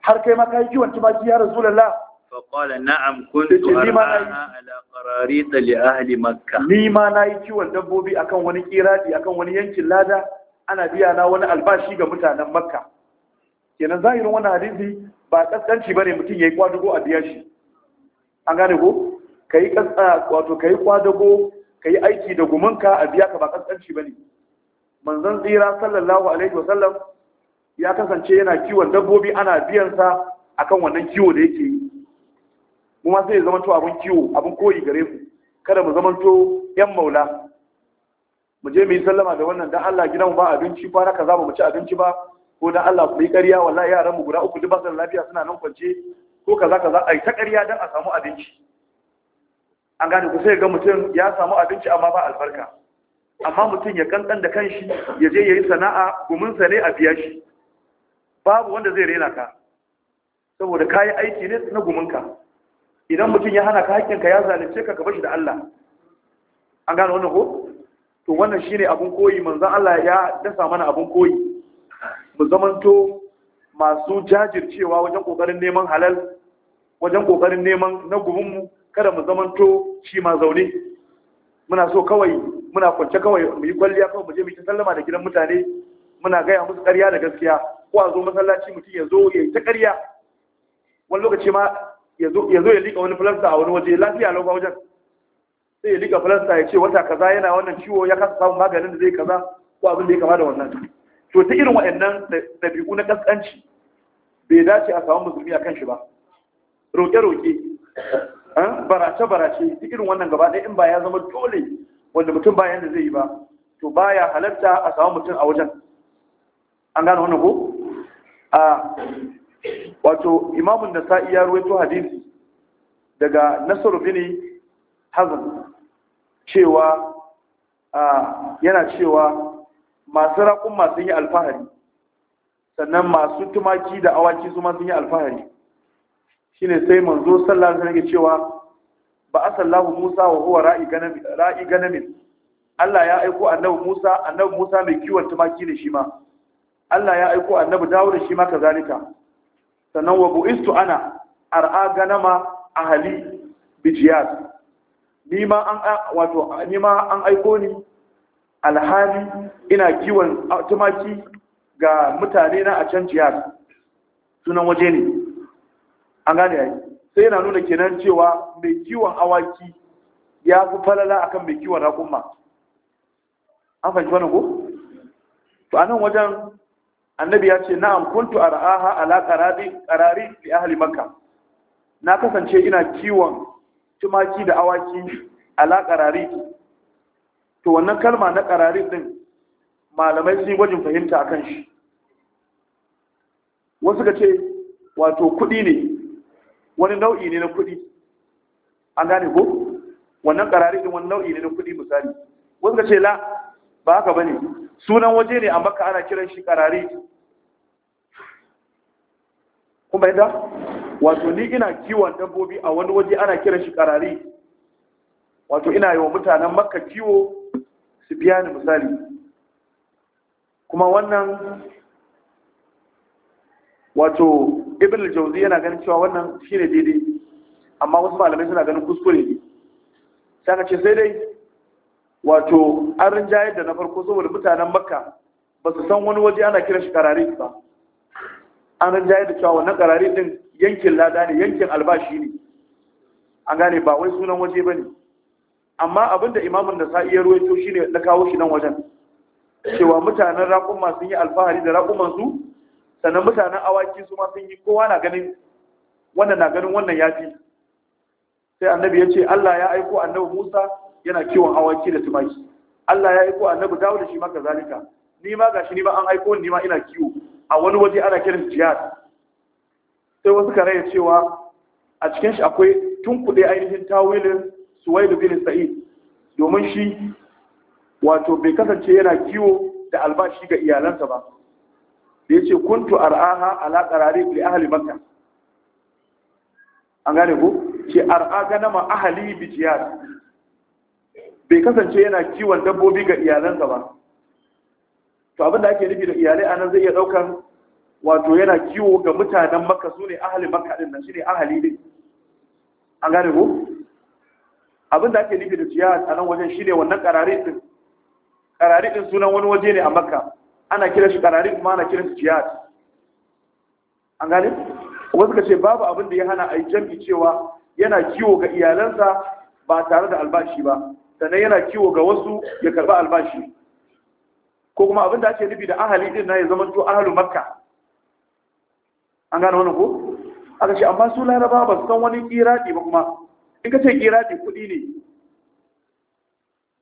har kai maka yi kiwon tumaki ya rasu lalla faƙola na'am kuntu har alaƙarari tsali ahali makka nima na yi kiwon dabbobi akan wani kiradi akan wani yankin lada ana biya na wani albashi ga mutanen makka kenan zahirin wani hadisi ba kaskanci bane mutum ya yi kwadugo a biyar shi an gane ko ka yi kwadugo ka yi aiki da gumanka a biya ka ba kaskanci bane manzon tsira sallallahu alaihi sallam ya kasance yana kiwon dabbobi ana biyan biyansa akan wannan kiwo da yake yi mu ma sai zama to abin kiwo abin koyi gare mu kada mu zama to yan maula mu je mu yi sallama da wannan dan Allah gidan ba abinci ba kaza za mu ci abinci ba ko dan Allah mu yi ƙarya wallahi yaran mu guda uku duk ba su lafiya suna nan kwance ko kaza kaza ai ta ƙarya dan a samu abinci an gane ku sai ga mutum ya samu abinci amma ba albarka amma mutum ya kankan da kanshi ya je ya yi sana'a guminsa ne a biya shi babu wanda zai rena ka saboda ka yi aiki ne na guminka idan mutum ya hana ka haƙƙinka ya zalunce ka ka shi da Allah an gane wannan ko to wannan shine abun koyi manzon Allah ya dasa mana abun koyi mu zamanto masu jajircewa wajen kokarin neman halal wajen kokarin neman na gumin mu kada mu zamanto shi ma zaune muna so kawai muna kwance kawai mu yi kwalliya kawai mu je mu ta sallama da gidan mutane muna gaya musu ƙarya da gaskiya ko a zo masallaci mutum ya zo ya yi ta ƙarya wani lokaci ma ya zo ya liƙa wani filasta a wani waje lafiya lau wajen sai ya liƙa filasta ya ce wata kaza yana wannan ciwo ya kasa samun maganin da zai kaza ko abin da ya kama da wannan to ta irin waɗannan ɗabi'u na ƙasƙanci bai dace a samu musulmi a kan shi ba roƙe-roƙe eh, barace-barace duk irin wannan gaba ɗaya in ba ya zama dole wanda mutum ba yanda zai yi ba to baya halarta a samu mutum a wajen an gano wannan ko a wato imamun da sa'i ya ruwaito hadisi daga nasaru bini hazan cewa yana cewa masu raƙun masu yi alfahari sannan masu tumaki da awaki su masu yi alfahari shine sai manzo sallar alaihi cewa ba asallahu Musa wa huwa ra'i ganamin ra'i Allah ya aiko annabi Musa annabi Musa mai kiwon tumaki ne shi ma Allah ya aiko annabi Dawud shi ma kazalika sannan wa bu'istu ana ar'a ganama ahli bijiyat ni ma an wato ni ma an aiko ni alhali ina kiwon tumaki ga mutane na a can jiyat sunan waje ne an gane yayi sai yana nuna kenan cewa mai kiwon awaki ya fi falala akan mai kiwon raƙumma an fahimci wani ko to a nan wajen annabi ya ce na'am kuntu ra'aha ala qarari da li na kasance ina kiwon tumaki da awaki ala qarari to wannan kalma na ƙarari din malamai sun yi gwajin fahimta akan shi wasu ka ce wato kuɗi ne wani nau'i ne na kuɗi an gane ko wannan karari din wani nau'i ne na kuɗi misali wasu ka ce la ba haka bane sunan waje ne a makka ana kiran shi karari Kuma bayyana wato ni ina kiwon dabbobi a wani waje ana kiran shi karari wato ina yi wa mutanen makka kiwo su biya ni misali kuma wannan wato ibn al-jawzi yana ganin cewa wannan shine daidai amma wasu malamai suna ganin kuskure ne sai ce sai dai wato an rinjayar da na farko saboda mutanen makka ba su san wani waje ana kira shi karare ba an rinjayar da cewa wannan karare din yankin lada ne yankin albashi ne an gane ba wai sunan waje ba ne amma abinda imamun da sa iya ruwaito shine na kawo shi nan wajen cewa mutanen raƙumma sun yi alfahari da raƙumansu sannan mutanen awaki su ma sun yi kowa na ganin wannan na ganin wannan ya fi sai annabi ya ce Allah ya aiko annabi Musa yana kiwon awaki da tumaki Allah ya aiko annabi Dawud shi ma kazalika ni ma gashi ni ba an aiko ni ma ina kiwo a wani waje ana kiran jihad sai wasu kare ya cewa a cikin shi akwai tunkuɗe ainihin tawilin Suwaidu bin Sa'id domin shi wato bai kasance yana kiwo da albashi ga iyalansa ba da ce kuntu ar'aha ala qarari li ahli makka an gane ko ce ar'a ganama ahli bi jiyar bai kasance yana kiwon dabbobi ga iyalansa ba to abin da ake nufi da iyalai a nan zai iya ɗaukar wato yana kiwo ga mutanen makka su ne ahali makka ɗin nan shi ne ahali ne? an gane ko abin da ake nufi da ciya a nan wajen shi ne wannan ƙarari ɗin ɗin sunan wani waje ne a makka ana kira shi kararin kuma ana kiran shi jihad an gane wasu ka ce babu abin da ya hana a yi jam'i cewa yana kiwo ga iyalansa ba tare da albashi ba sannan yana kiwo ga wasu ya karba albashi ko kuma abin da ake nufi da ahali din na ya zama to ahalu makka an gane wani ko aka ce amma su laraba ba su san wani kiraɗi ba kuma in ka ce kiraɗi kuɗi ne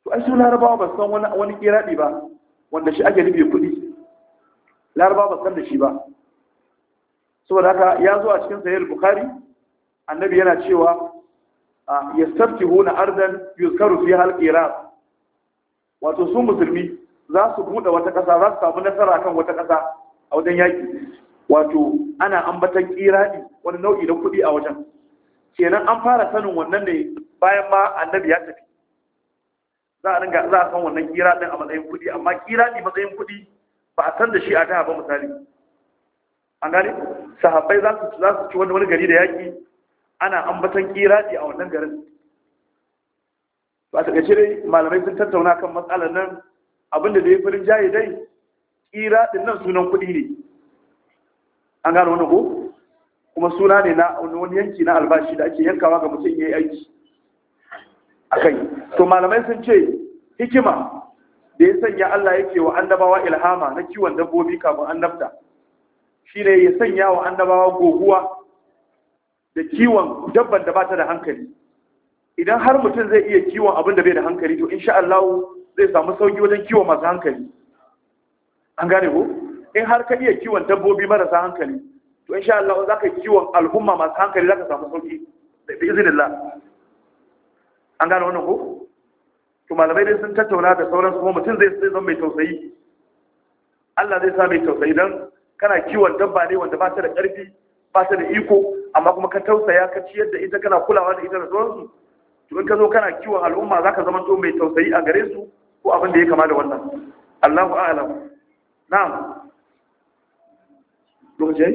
to ai su laraba ba su san wani kiraɗi ba wanda shi ake nufi kuɗi laraba ba san da shi ba saboda haka ya zo a cikin sahih bukhari annabi yana cewa yastaftihuna ardan yuzkaru fiha al iraq wato su musulmi za su bude wata kasa za su samu nasara kan wata kasa a wajen yaki wato ana ambatan kirani wani nau'i na kuɗi a wajen kenan an fara sanin wannan ne bayan ma annabi ya tafi za a ringa za a san wannan kira a matsayin kuɗi amma kira matsayin kuɗi ba a san da shi a da ba misali an gane sahabbai za su za su ci wani wani gari da yaƙi ana ambatan kirati a wannan garin ba ta gace dai malamai sun tattauna kan matsalar nan abinda da ya farin jaye dai kiratin nan sunan kuɗi ne an gane wani ko kuma suna ne na wani yanki na albashi da ake yankawa ga mutum ya yi aiki a kai to malamai sun ce hikima da ya sanya Allah yake wa annabawa ilhama na kiwon dabbobi kafin annabta shi ne ya sanya wa annabawa goguwa da kiwon dabban da ba ta da hankali idan har mutum zai iya kiwon abin da bai da hankali to insha Allah zai samu sauki wajen kiwon masu hankali an gane ko in har ka iya kiwon dabbobi marasa hankali to insha Allah za ka kiwon al'umma masu hankali za ka samu sauki da Allah. an gane wannan ko to malamai sun tattauna da sauran kuma mutum zai zai zama mai tausayi Allah zai sa mai tausayi dan kana kiwon dabba ne wanda ba ta da ƙarfi ba ta da iko amma kuma ka tausaya ka ciyar da ita kana kulawa da ita da sauransu to in ka zo kana kiwon al'umma zaka zama to mai tausayi a gare su ko abin da ya kama da wannan Allahu a'lam na'am lokaci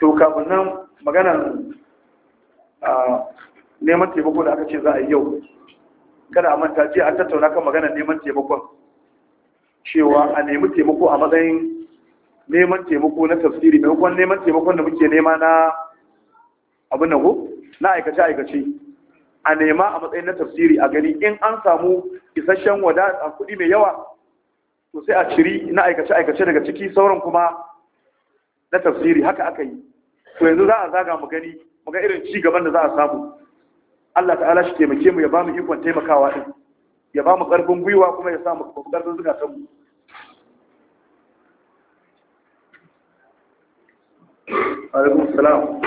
to kafin nan maganan neman taimako da aka ce za a yi yau kada a manta ce an tattauna kan maganar neman taimakon cewa a nemi taimako a matsayin neman taimako na tafsiri maimakon neman taimakon da muke nema na abin nan na aikace aikace a nema a matsayin na tafsiri a gani in an samu isasshen a kuɗi mai yawa to sai a ciri na aikace aikace daga ciki sauran kuma na tafsiri haka aka yi to yanzu za a zaga mu gani mu ga irin ci gaban da za a samu Allah ta'ala shi muke mu ya ba mu ikon taimakawa din ya ba mu karfin gwiwa kuma ya sa mu karfin ta mu alaikum salam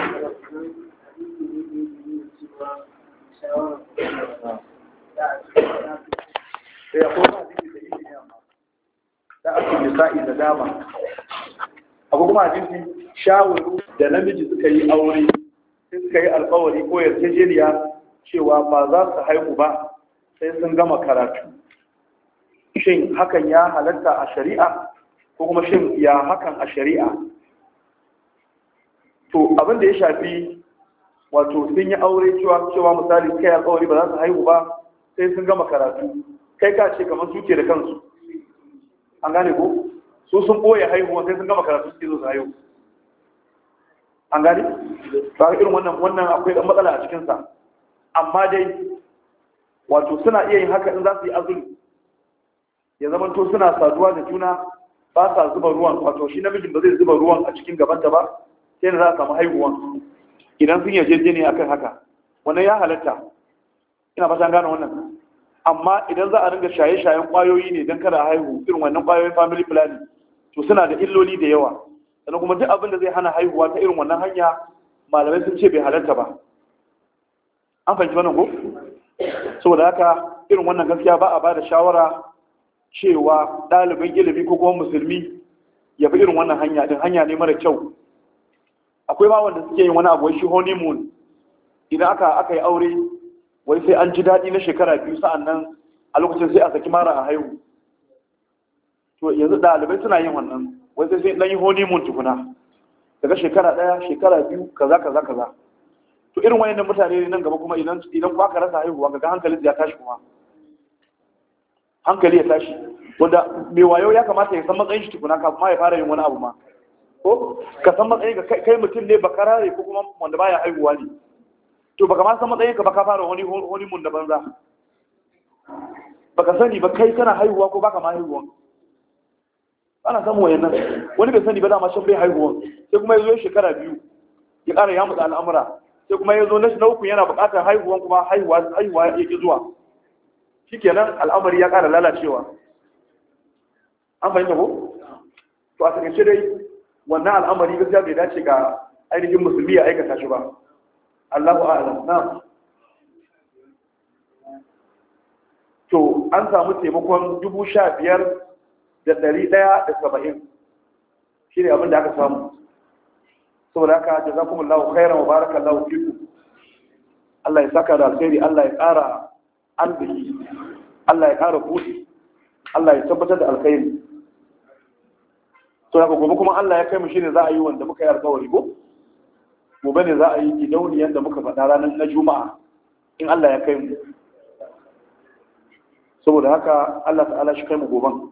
eh, da ya kuma da da aka yi sa'i da dama abu kuma hadisi shawaru da namiji suka yi aure suka yi alkawari ko yarjejeniya cewa ba za su haihu ba sai sun gama karatu shin hakan ya halatta a shari'a ko kuma shin ya hakan a shari'a to abin da ya shafi wato sun yi aure cewa cewa misali suka yi alkawari ba za su haihu ba sai sun gama karatu kai ka ce kamar suke da kansu an gane ko su sun ɓoye haihuwa sai sun gama karatu suke zo su haihu an gani ba irin wannan wannan akwai ɗan matsala a cikinsa amma dai wato suna iya yin haka in za su yi azumi ya zama to suna saduwa da juna ba sa zuba ruwan wato shi namijin ba zai zuba ruwan a cikin gabanta ba sai na za a samu haihuwan idan sun yarjeje ne akan haka wannan ya halatta ina fatan gane wannan amma idan za a ringa shaye-shayen kwayoyi ne don kada a haihu irin wannan kwayoyin family planning to suna da illoli da yawa sannan kuma duk abin da zai hana haihuwa ta irin wannan hanya malamai sun ce bai halarta ba an fahimci wannan ko saboda haka irin wannan gaskiya ba a ba da shawara cewa ɗalibin ilimi ko kuma musulmi ya bi irin wannan hanya din hanya ne mara kyau akwai ma wanda suke yin wani abu shi honeymoon idan aka aka yi aure wai sai an ji daɗi na shekara biyu sa'an nan a lokacin sai a saki mara a haihu to yanzu dalibai suna yin wannan wai sai dan yi mun tukuna daga shekara ɗaya shekara biyu kaza kaza kaza to irin wayannan mutane ne nan gaba kuma idan idan ku aka rasa haihuwa kaga hankalin ya tashi kuma hankali ya tashi wanda mai wayo ya kamata ya san matsayin shi tukuna kafin ma ya fara yin wani abu ma ko ka san matsayin ka kai mutum ne ba karare ko kuma wanda baya haihuwa ne to baka ma san matsayin ka ba ka fara wani mun da banza baka sani ba kai kana haihuwa ko baka ma haihuwa ana samun wayannan wani bai sani ba dama shan bai haihuwan sai kuma ya zo shekara biyu ya ƙara ya mutsa al'amura sai kuma ya zo na uku yana buƙatar haihuwan kuma haihuwa haihuwa ya ki zuwa shikenan al'amari ya ƙara lalacewa an fahimta ko to a takaice dai wannan al'amari gaskiya bai dace ga ainihin musulmi ya aikata shi ba Allahu a'lam na to an samu taimakon dubu sha biyar da ɗari ɗaya da saba'in shi ne abin da aka samu saboda haka da za kuma lawo khairan mubarakan lawo fiku Allah ya saka da alkhairi Allah ya ƙara arziki Allah ya ƙara buɗe Allah ya tabbatar da alkhairi to haka gobe kuma Allah ya kai mu shine za a yi wanda muka yi alƙawari ko gobe ne za a yi gidauniyar da muka faɗa ranar na juma'a in Allah ya kai mu saboda haka Allah ta'ala shi kai mu goban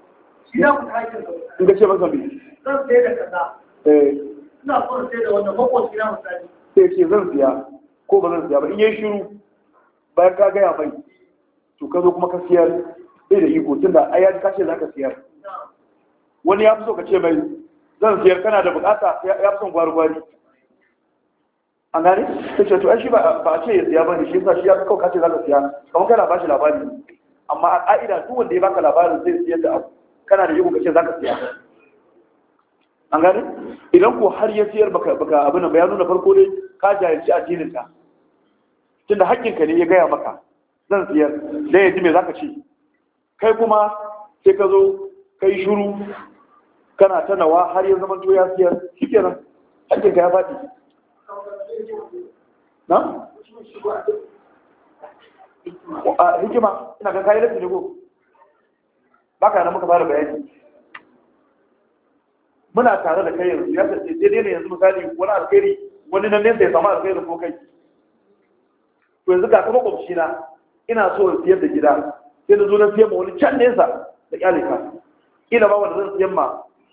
in ka ce masa bi zan sai da kaza eh ina fara sai da wannan makoci na misali sai ce zan siya ko ba zan siya ba in yi shiru bayan ka gaya mai to ka zo kuma ka siyar sai da iko tunda ai ya ka ce za ka siyar wani ya fi so ka ce mai zan siyar kana da bukata ya fi son gwari-gwari an gane ta ce to ai shi ba a ce ya siya ba ne shi yasa shi ya fi kawo ka za ka siya kamar kana ba shi labari amma a ƙa'ida duk wanda ya baka labarin zai siyar da abu kana da yiwu kace zaka siya an gane idan ko har ya siyar baka baka abin da ya nuna farko dai ka jahilci addinin ta tunda haƙƙin ka ne ya gaya maka zan siyar dai yaji ji me zaka ce kai kuma sai ka zo kai shiru kana ta nawa har ya zama to ya siyar shikenan haƙƙin ka ya faɗi na hikima ina ga kayan lafi ne ko baka nan muka fara bayani muna tare da kai yanzu ya ce dai ne yanzu misali wani alkhairi wani nan ne sai samu alkhairin ko kai to yanzu ga kuma kwamshi na ina so in siyar da gida sai na zo na siyar ma wani can nesa da kyalika Ina ba wanda zan siyar ma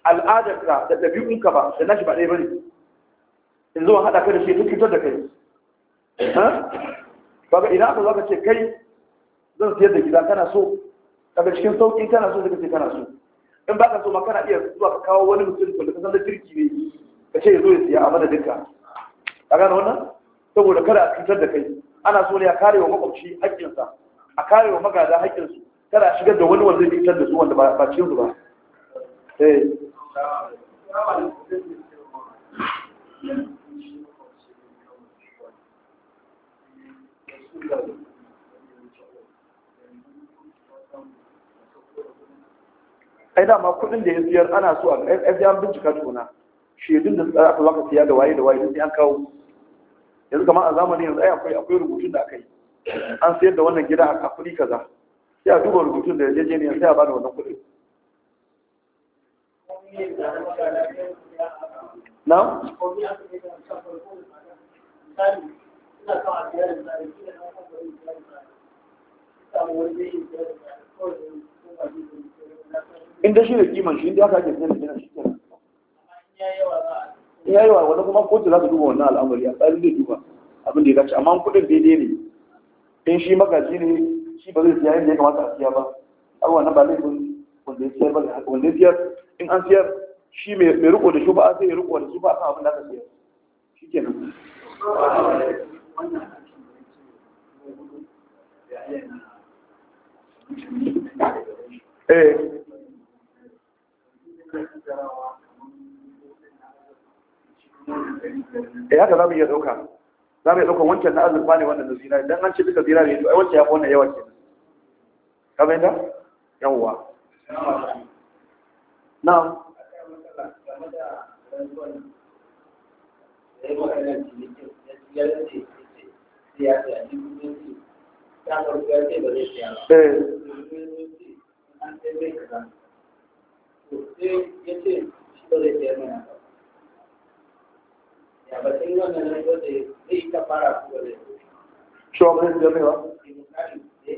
al'adarka da ɗabi'unka ba da nashi ba ɗaya ba ne in zo haɗa ka da shi duk fitar da kai ba ga ina ka za ka ce kai zan siyar da gida kana so kaga cikin sauƙi kana so daga ce kana so in ba ka so ma kana iya zuwa ka kawo wani mutum wanda ka san da kirki ne ka ce ya zo ya siya a madadinka ka gane wannan saboda kada a cutar da kai ana so ne a kare wa makwabci haƙƙinsa a kare wa magada haƙƙinsu kada a shigar da wani wanda zai cutar da su wanda ba cikin su ba Thank you. ai dama kudin da ya siyar ana so a ai an bincika tukuna shaidun da suka aka zaka siya da waye da waye sai an kawo yanzu kamar a zamanin yanzu ai akwai akwai rubutun da aka yi an siyar da wannan gida a kafuri kaza sai a duba rubutun da yaje ne sai a bada wannan kudin na? Thank you. inda shi ne kiman shi inda aka ake gina gina shi kenan ya yayi wa wani kuma kotu za su duba wannan al'amari a tsarin zai duba abin da ya dace amma kuɗin daidai ne in shi magaji ne shi ba zai siya yadda ya kamata a siya ba har wannan ba laifin wanda ya siyar ba wanda ya siyar in an siyar shi mai riko da shufa sai ya riko da shufa akan abin da aka siyar shi kenan Thank you. eh eh haka za mu iya ɗauka za mu iya ɗauka wancan na azurfa ne wannan da zinari an ce duka zinari ne ai wancan ya fi wannan ke yadda, yawwa na an sai mai kaza to ya ba zai ba ya ba wannan nan yau da zai ta fara su ba zai shi ba ya ce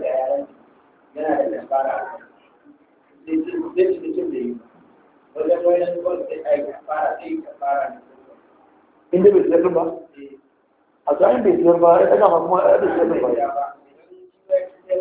da ya ce ba zai sayar kuma ya daga yana da lambara zai ce zai ce mutum da yi wajen wajen kwan sai a yi kafara sai kafara ne inda bai sayar ba eh. a tsarin bai sayar ba ya ɗaga kuma ya ɗaga ba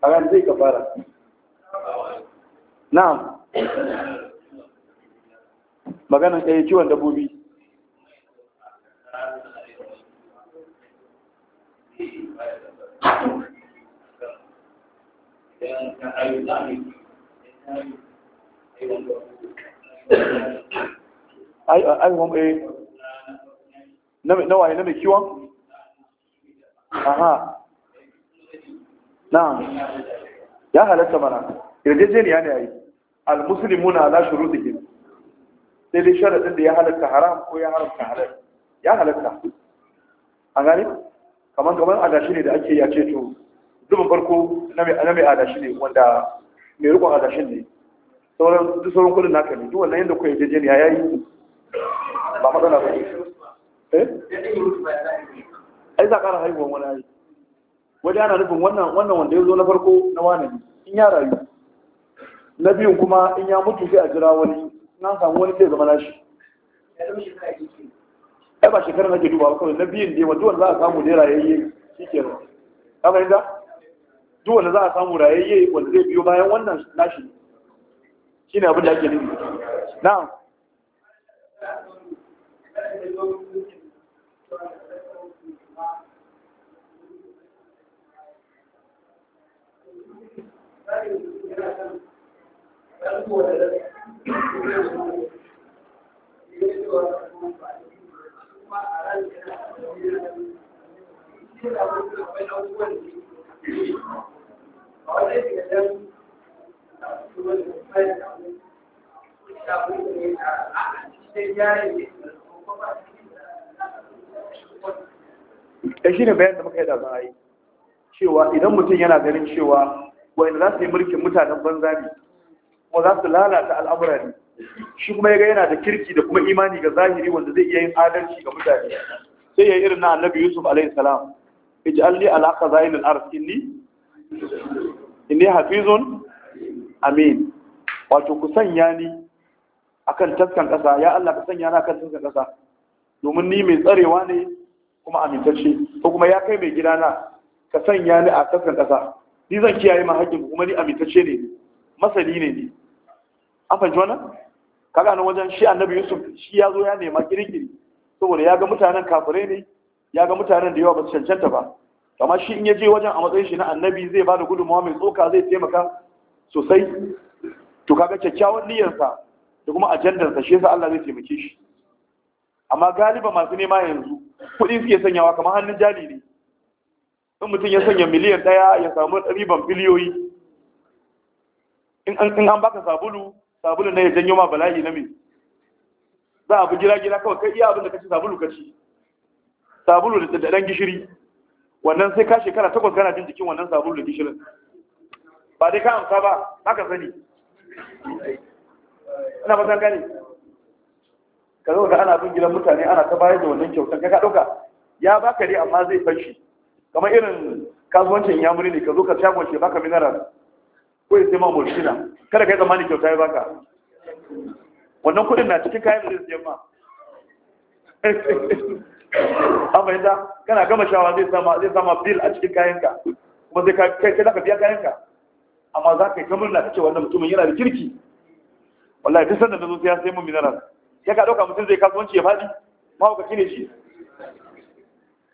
kaga zai ka fara na'am maganan ɗaya eh, ciwon dabbobi aihuwan eh. ɓaye na waye na mai kiwon? aha na'am ya halatta mana yarjejeniya ne yi. yayi almuslimuna ala shurutihim sai dai sharadin da ya halatta haram ko ya haramta halal ya halatta A gane kamar gaban adashi ne da ake ya ce to Zuba farko na mai adashi ne wanda mai rikon adashin ne sauran duk sauran kudin naka ne duk wannan yadda kuwa yarjejeniya ya yi ba matsala ba ne eh ai za ƙara haihuwan wani haihuwa wajen ana nufin wannan wanda ya zo na farko na wane ne in ya rayu na biyun kuma in ya mutu sai a jira wani na samu wani sai zama nashi ya ba shekarar nake duba kawai na biyun ne wanda za a samu ne rayayye shi ke nan ka fahimta duk wanda za a samu rayayye wanda zai biyo bayan wannan nashi shi ne abin da ake nufi na'am da eh, shi ne bayan da muka yi da cewa idan mutum yana ganin cewa wanda za su yi mulkin mutanen banza ne kuma za su lalata al'amura ne shi kuma ya ga yana da kirki da kuma imani ga zahiri wanda zai iya yin adalci ga mutane sai ya yi irin na annabi yusuf alaihi salam ij'alni ala alaƙa al-ard inni inni hafizun amin wato ku sanya ni akan taskan ƙasa? ya Allah ka sanya na kan taskan ƙasa? domin ni mai tsarewa ne kuma amintacce ko kuma ya kai mai gidana ka sanya ni a taskan ƙasa. ni zan kiyaye ma haƙƙin kuma ni amintacce ne masani ne ni an fahimci wannan kaga nan wajen shi annabi yusuf shi ya zo ya nema kirkiri saboda ya ga mutanen kafirai ne ya ga mutanen da yawa ba su cancanta ba amma shi in ya je wajen a matsayin shi na annabi zai ba da gudunmawa mai tsoka zai taimaka sosai to kaga kyakkyawan niyyarsa da kuma ajandarsa shi yasa Allah zai taimake shi amma galiba masu nema yanzu kuɗi suke sanyawa kamar hannun jari ne in mutum ya sanya miliyan ɗaya ya samu riban biliyoyi in an baka sabulu sabulu na ya janyo ma bala'i na me za a fi gira-gira kawai kai iya abin da ci sabulu kashi sabulu da ɗan gishiri wannan sai ka shekara takwas kana jin jikin wannan sabulu da gishirin ba dai ka amsa ba haka sani ina ba san gane ka zo ga ana bin gidan mutane ana ta bayar da wannan kyautan ka ɗauka ya baka dai amma zai fanshi. kamar irin kasuwancin ya muri ne ka zo ka shagon shi baka minaral, ko ya sai ma mulkina kada ka yi tsammani kyauta ya baka wannan kudin na cikin kayan da zai siyan ma an fahimta kana gama shawa zai sama zai sama bil a cikin kayanka kuma zai kai kai zaka biya kayanka amma za ka yi kamar na cewa wannan mutumin yana da kirki wallahi duk sanda da zo sai ya sai mun minaral. ya ka dauka mutum zai kasuwanci ya faɗi ka ne shi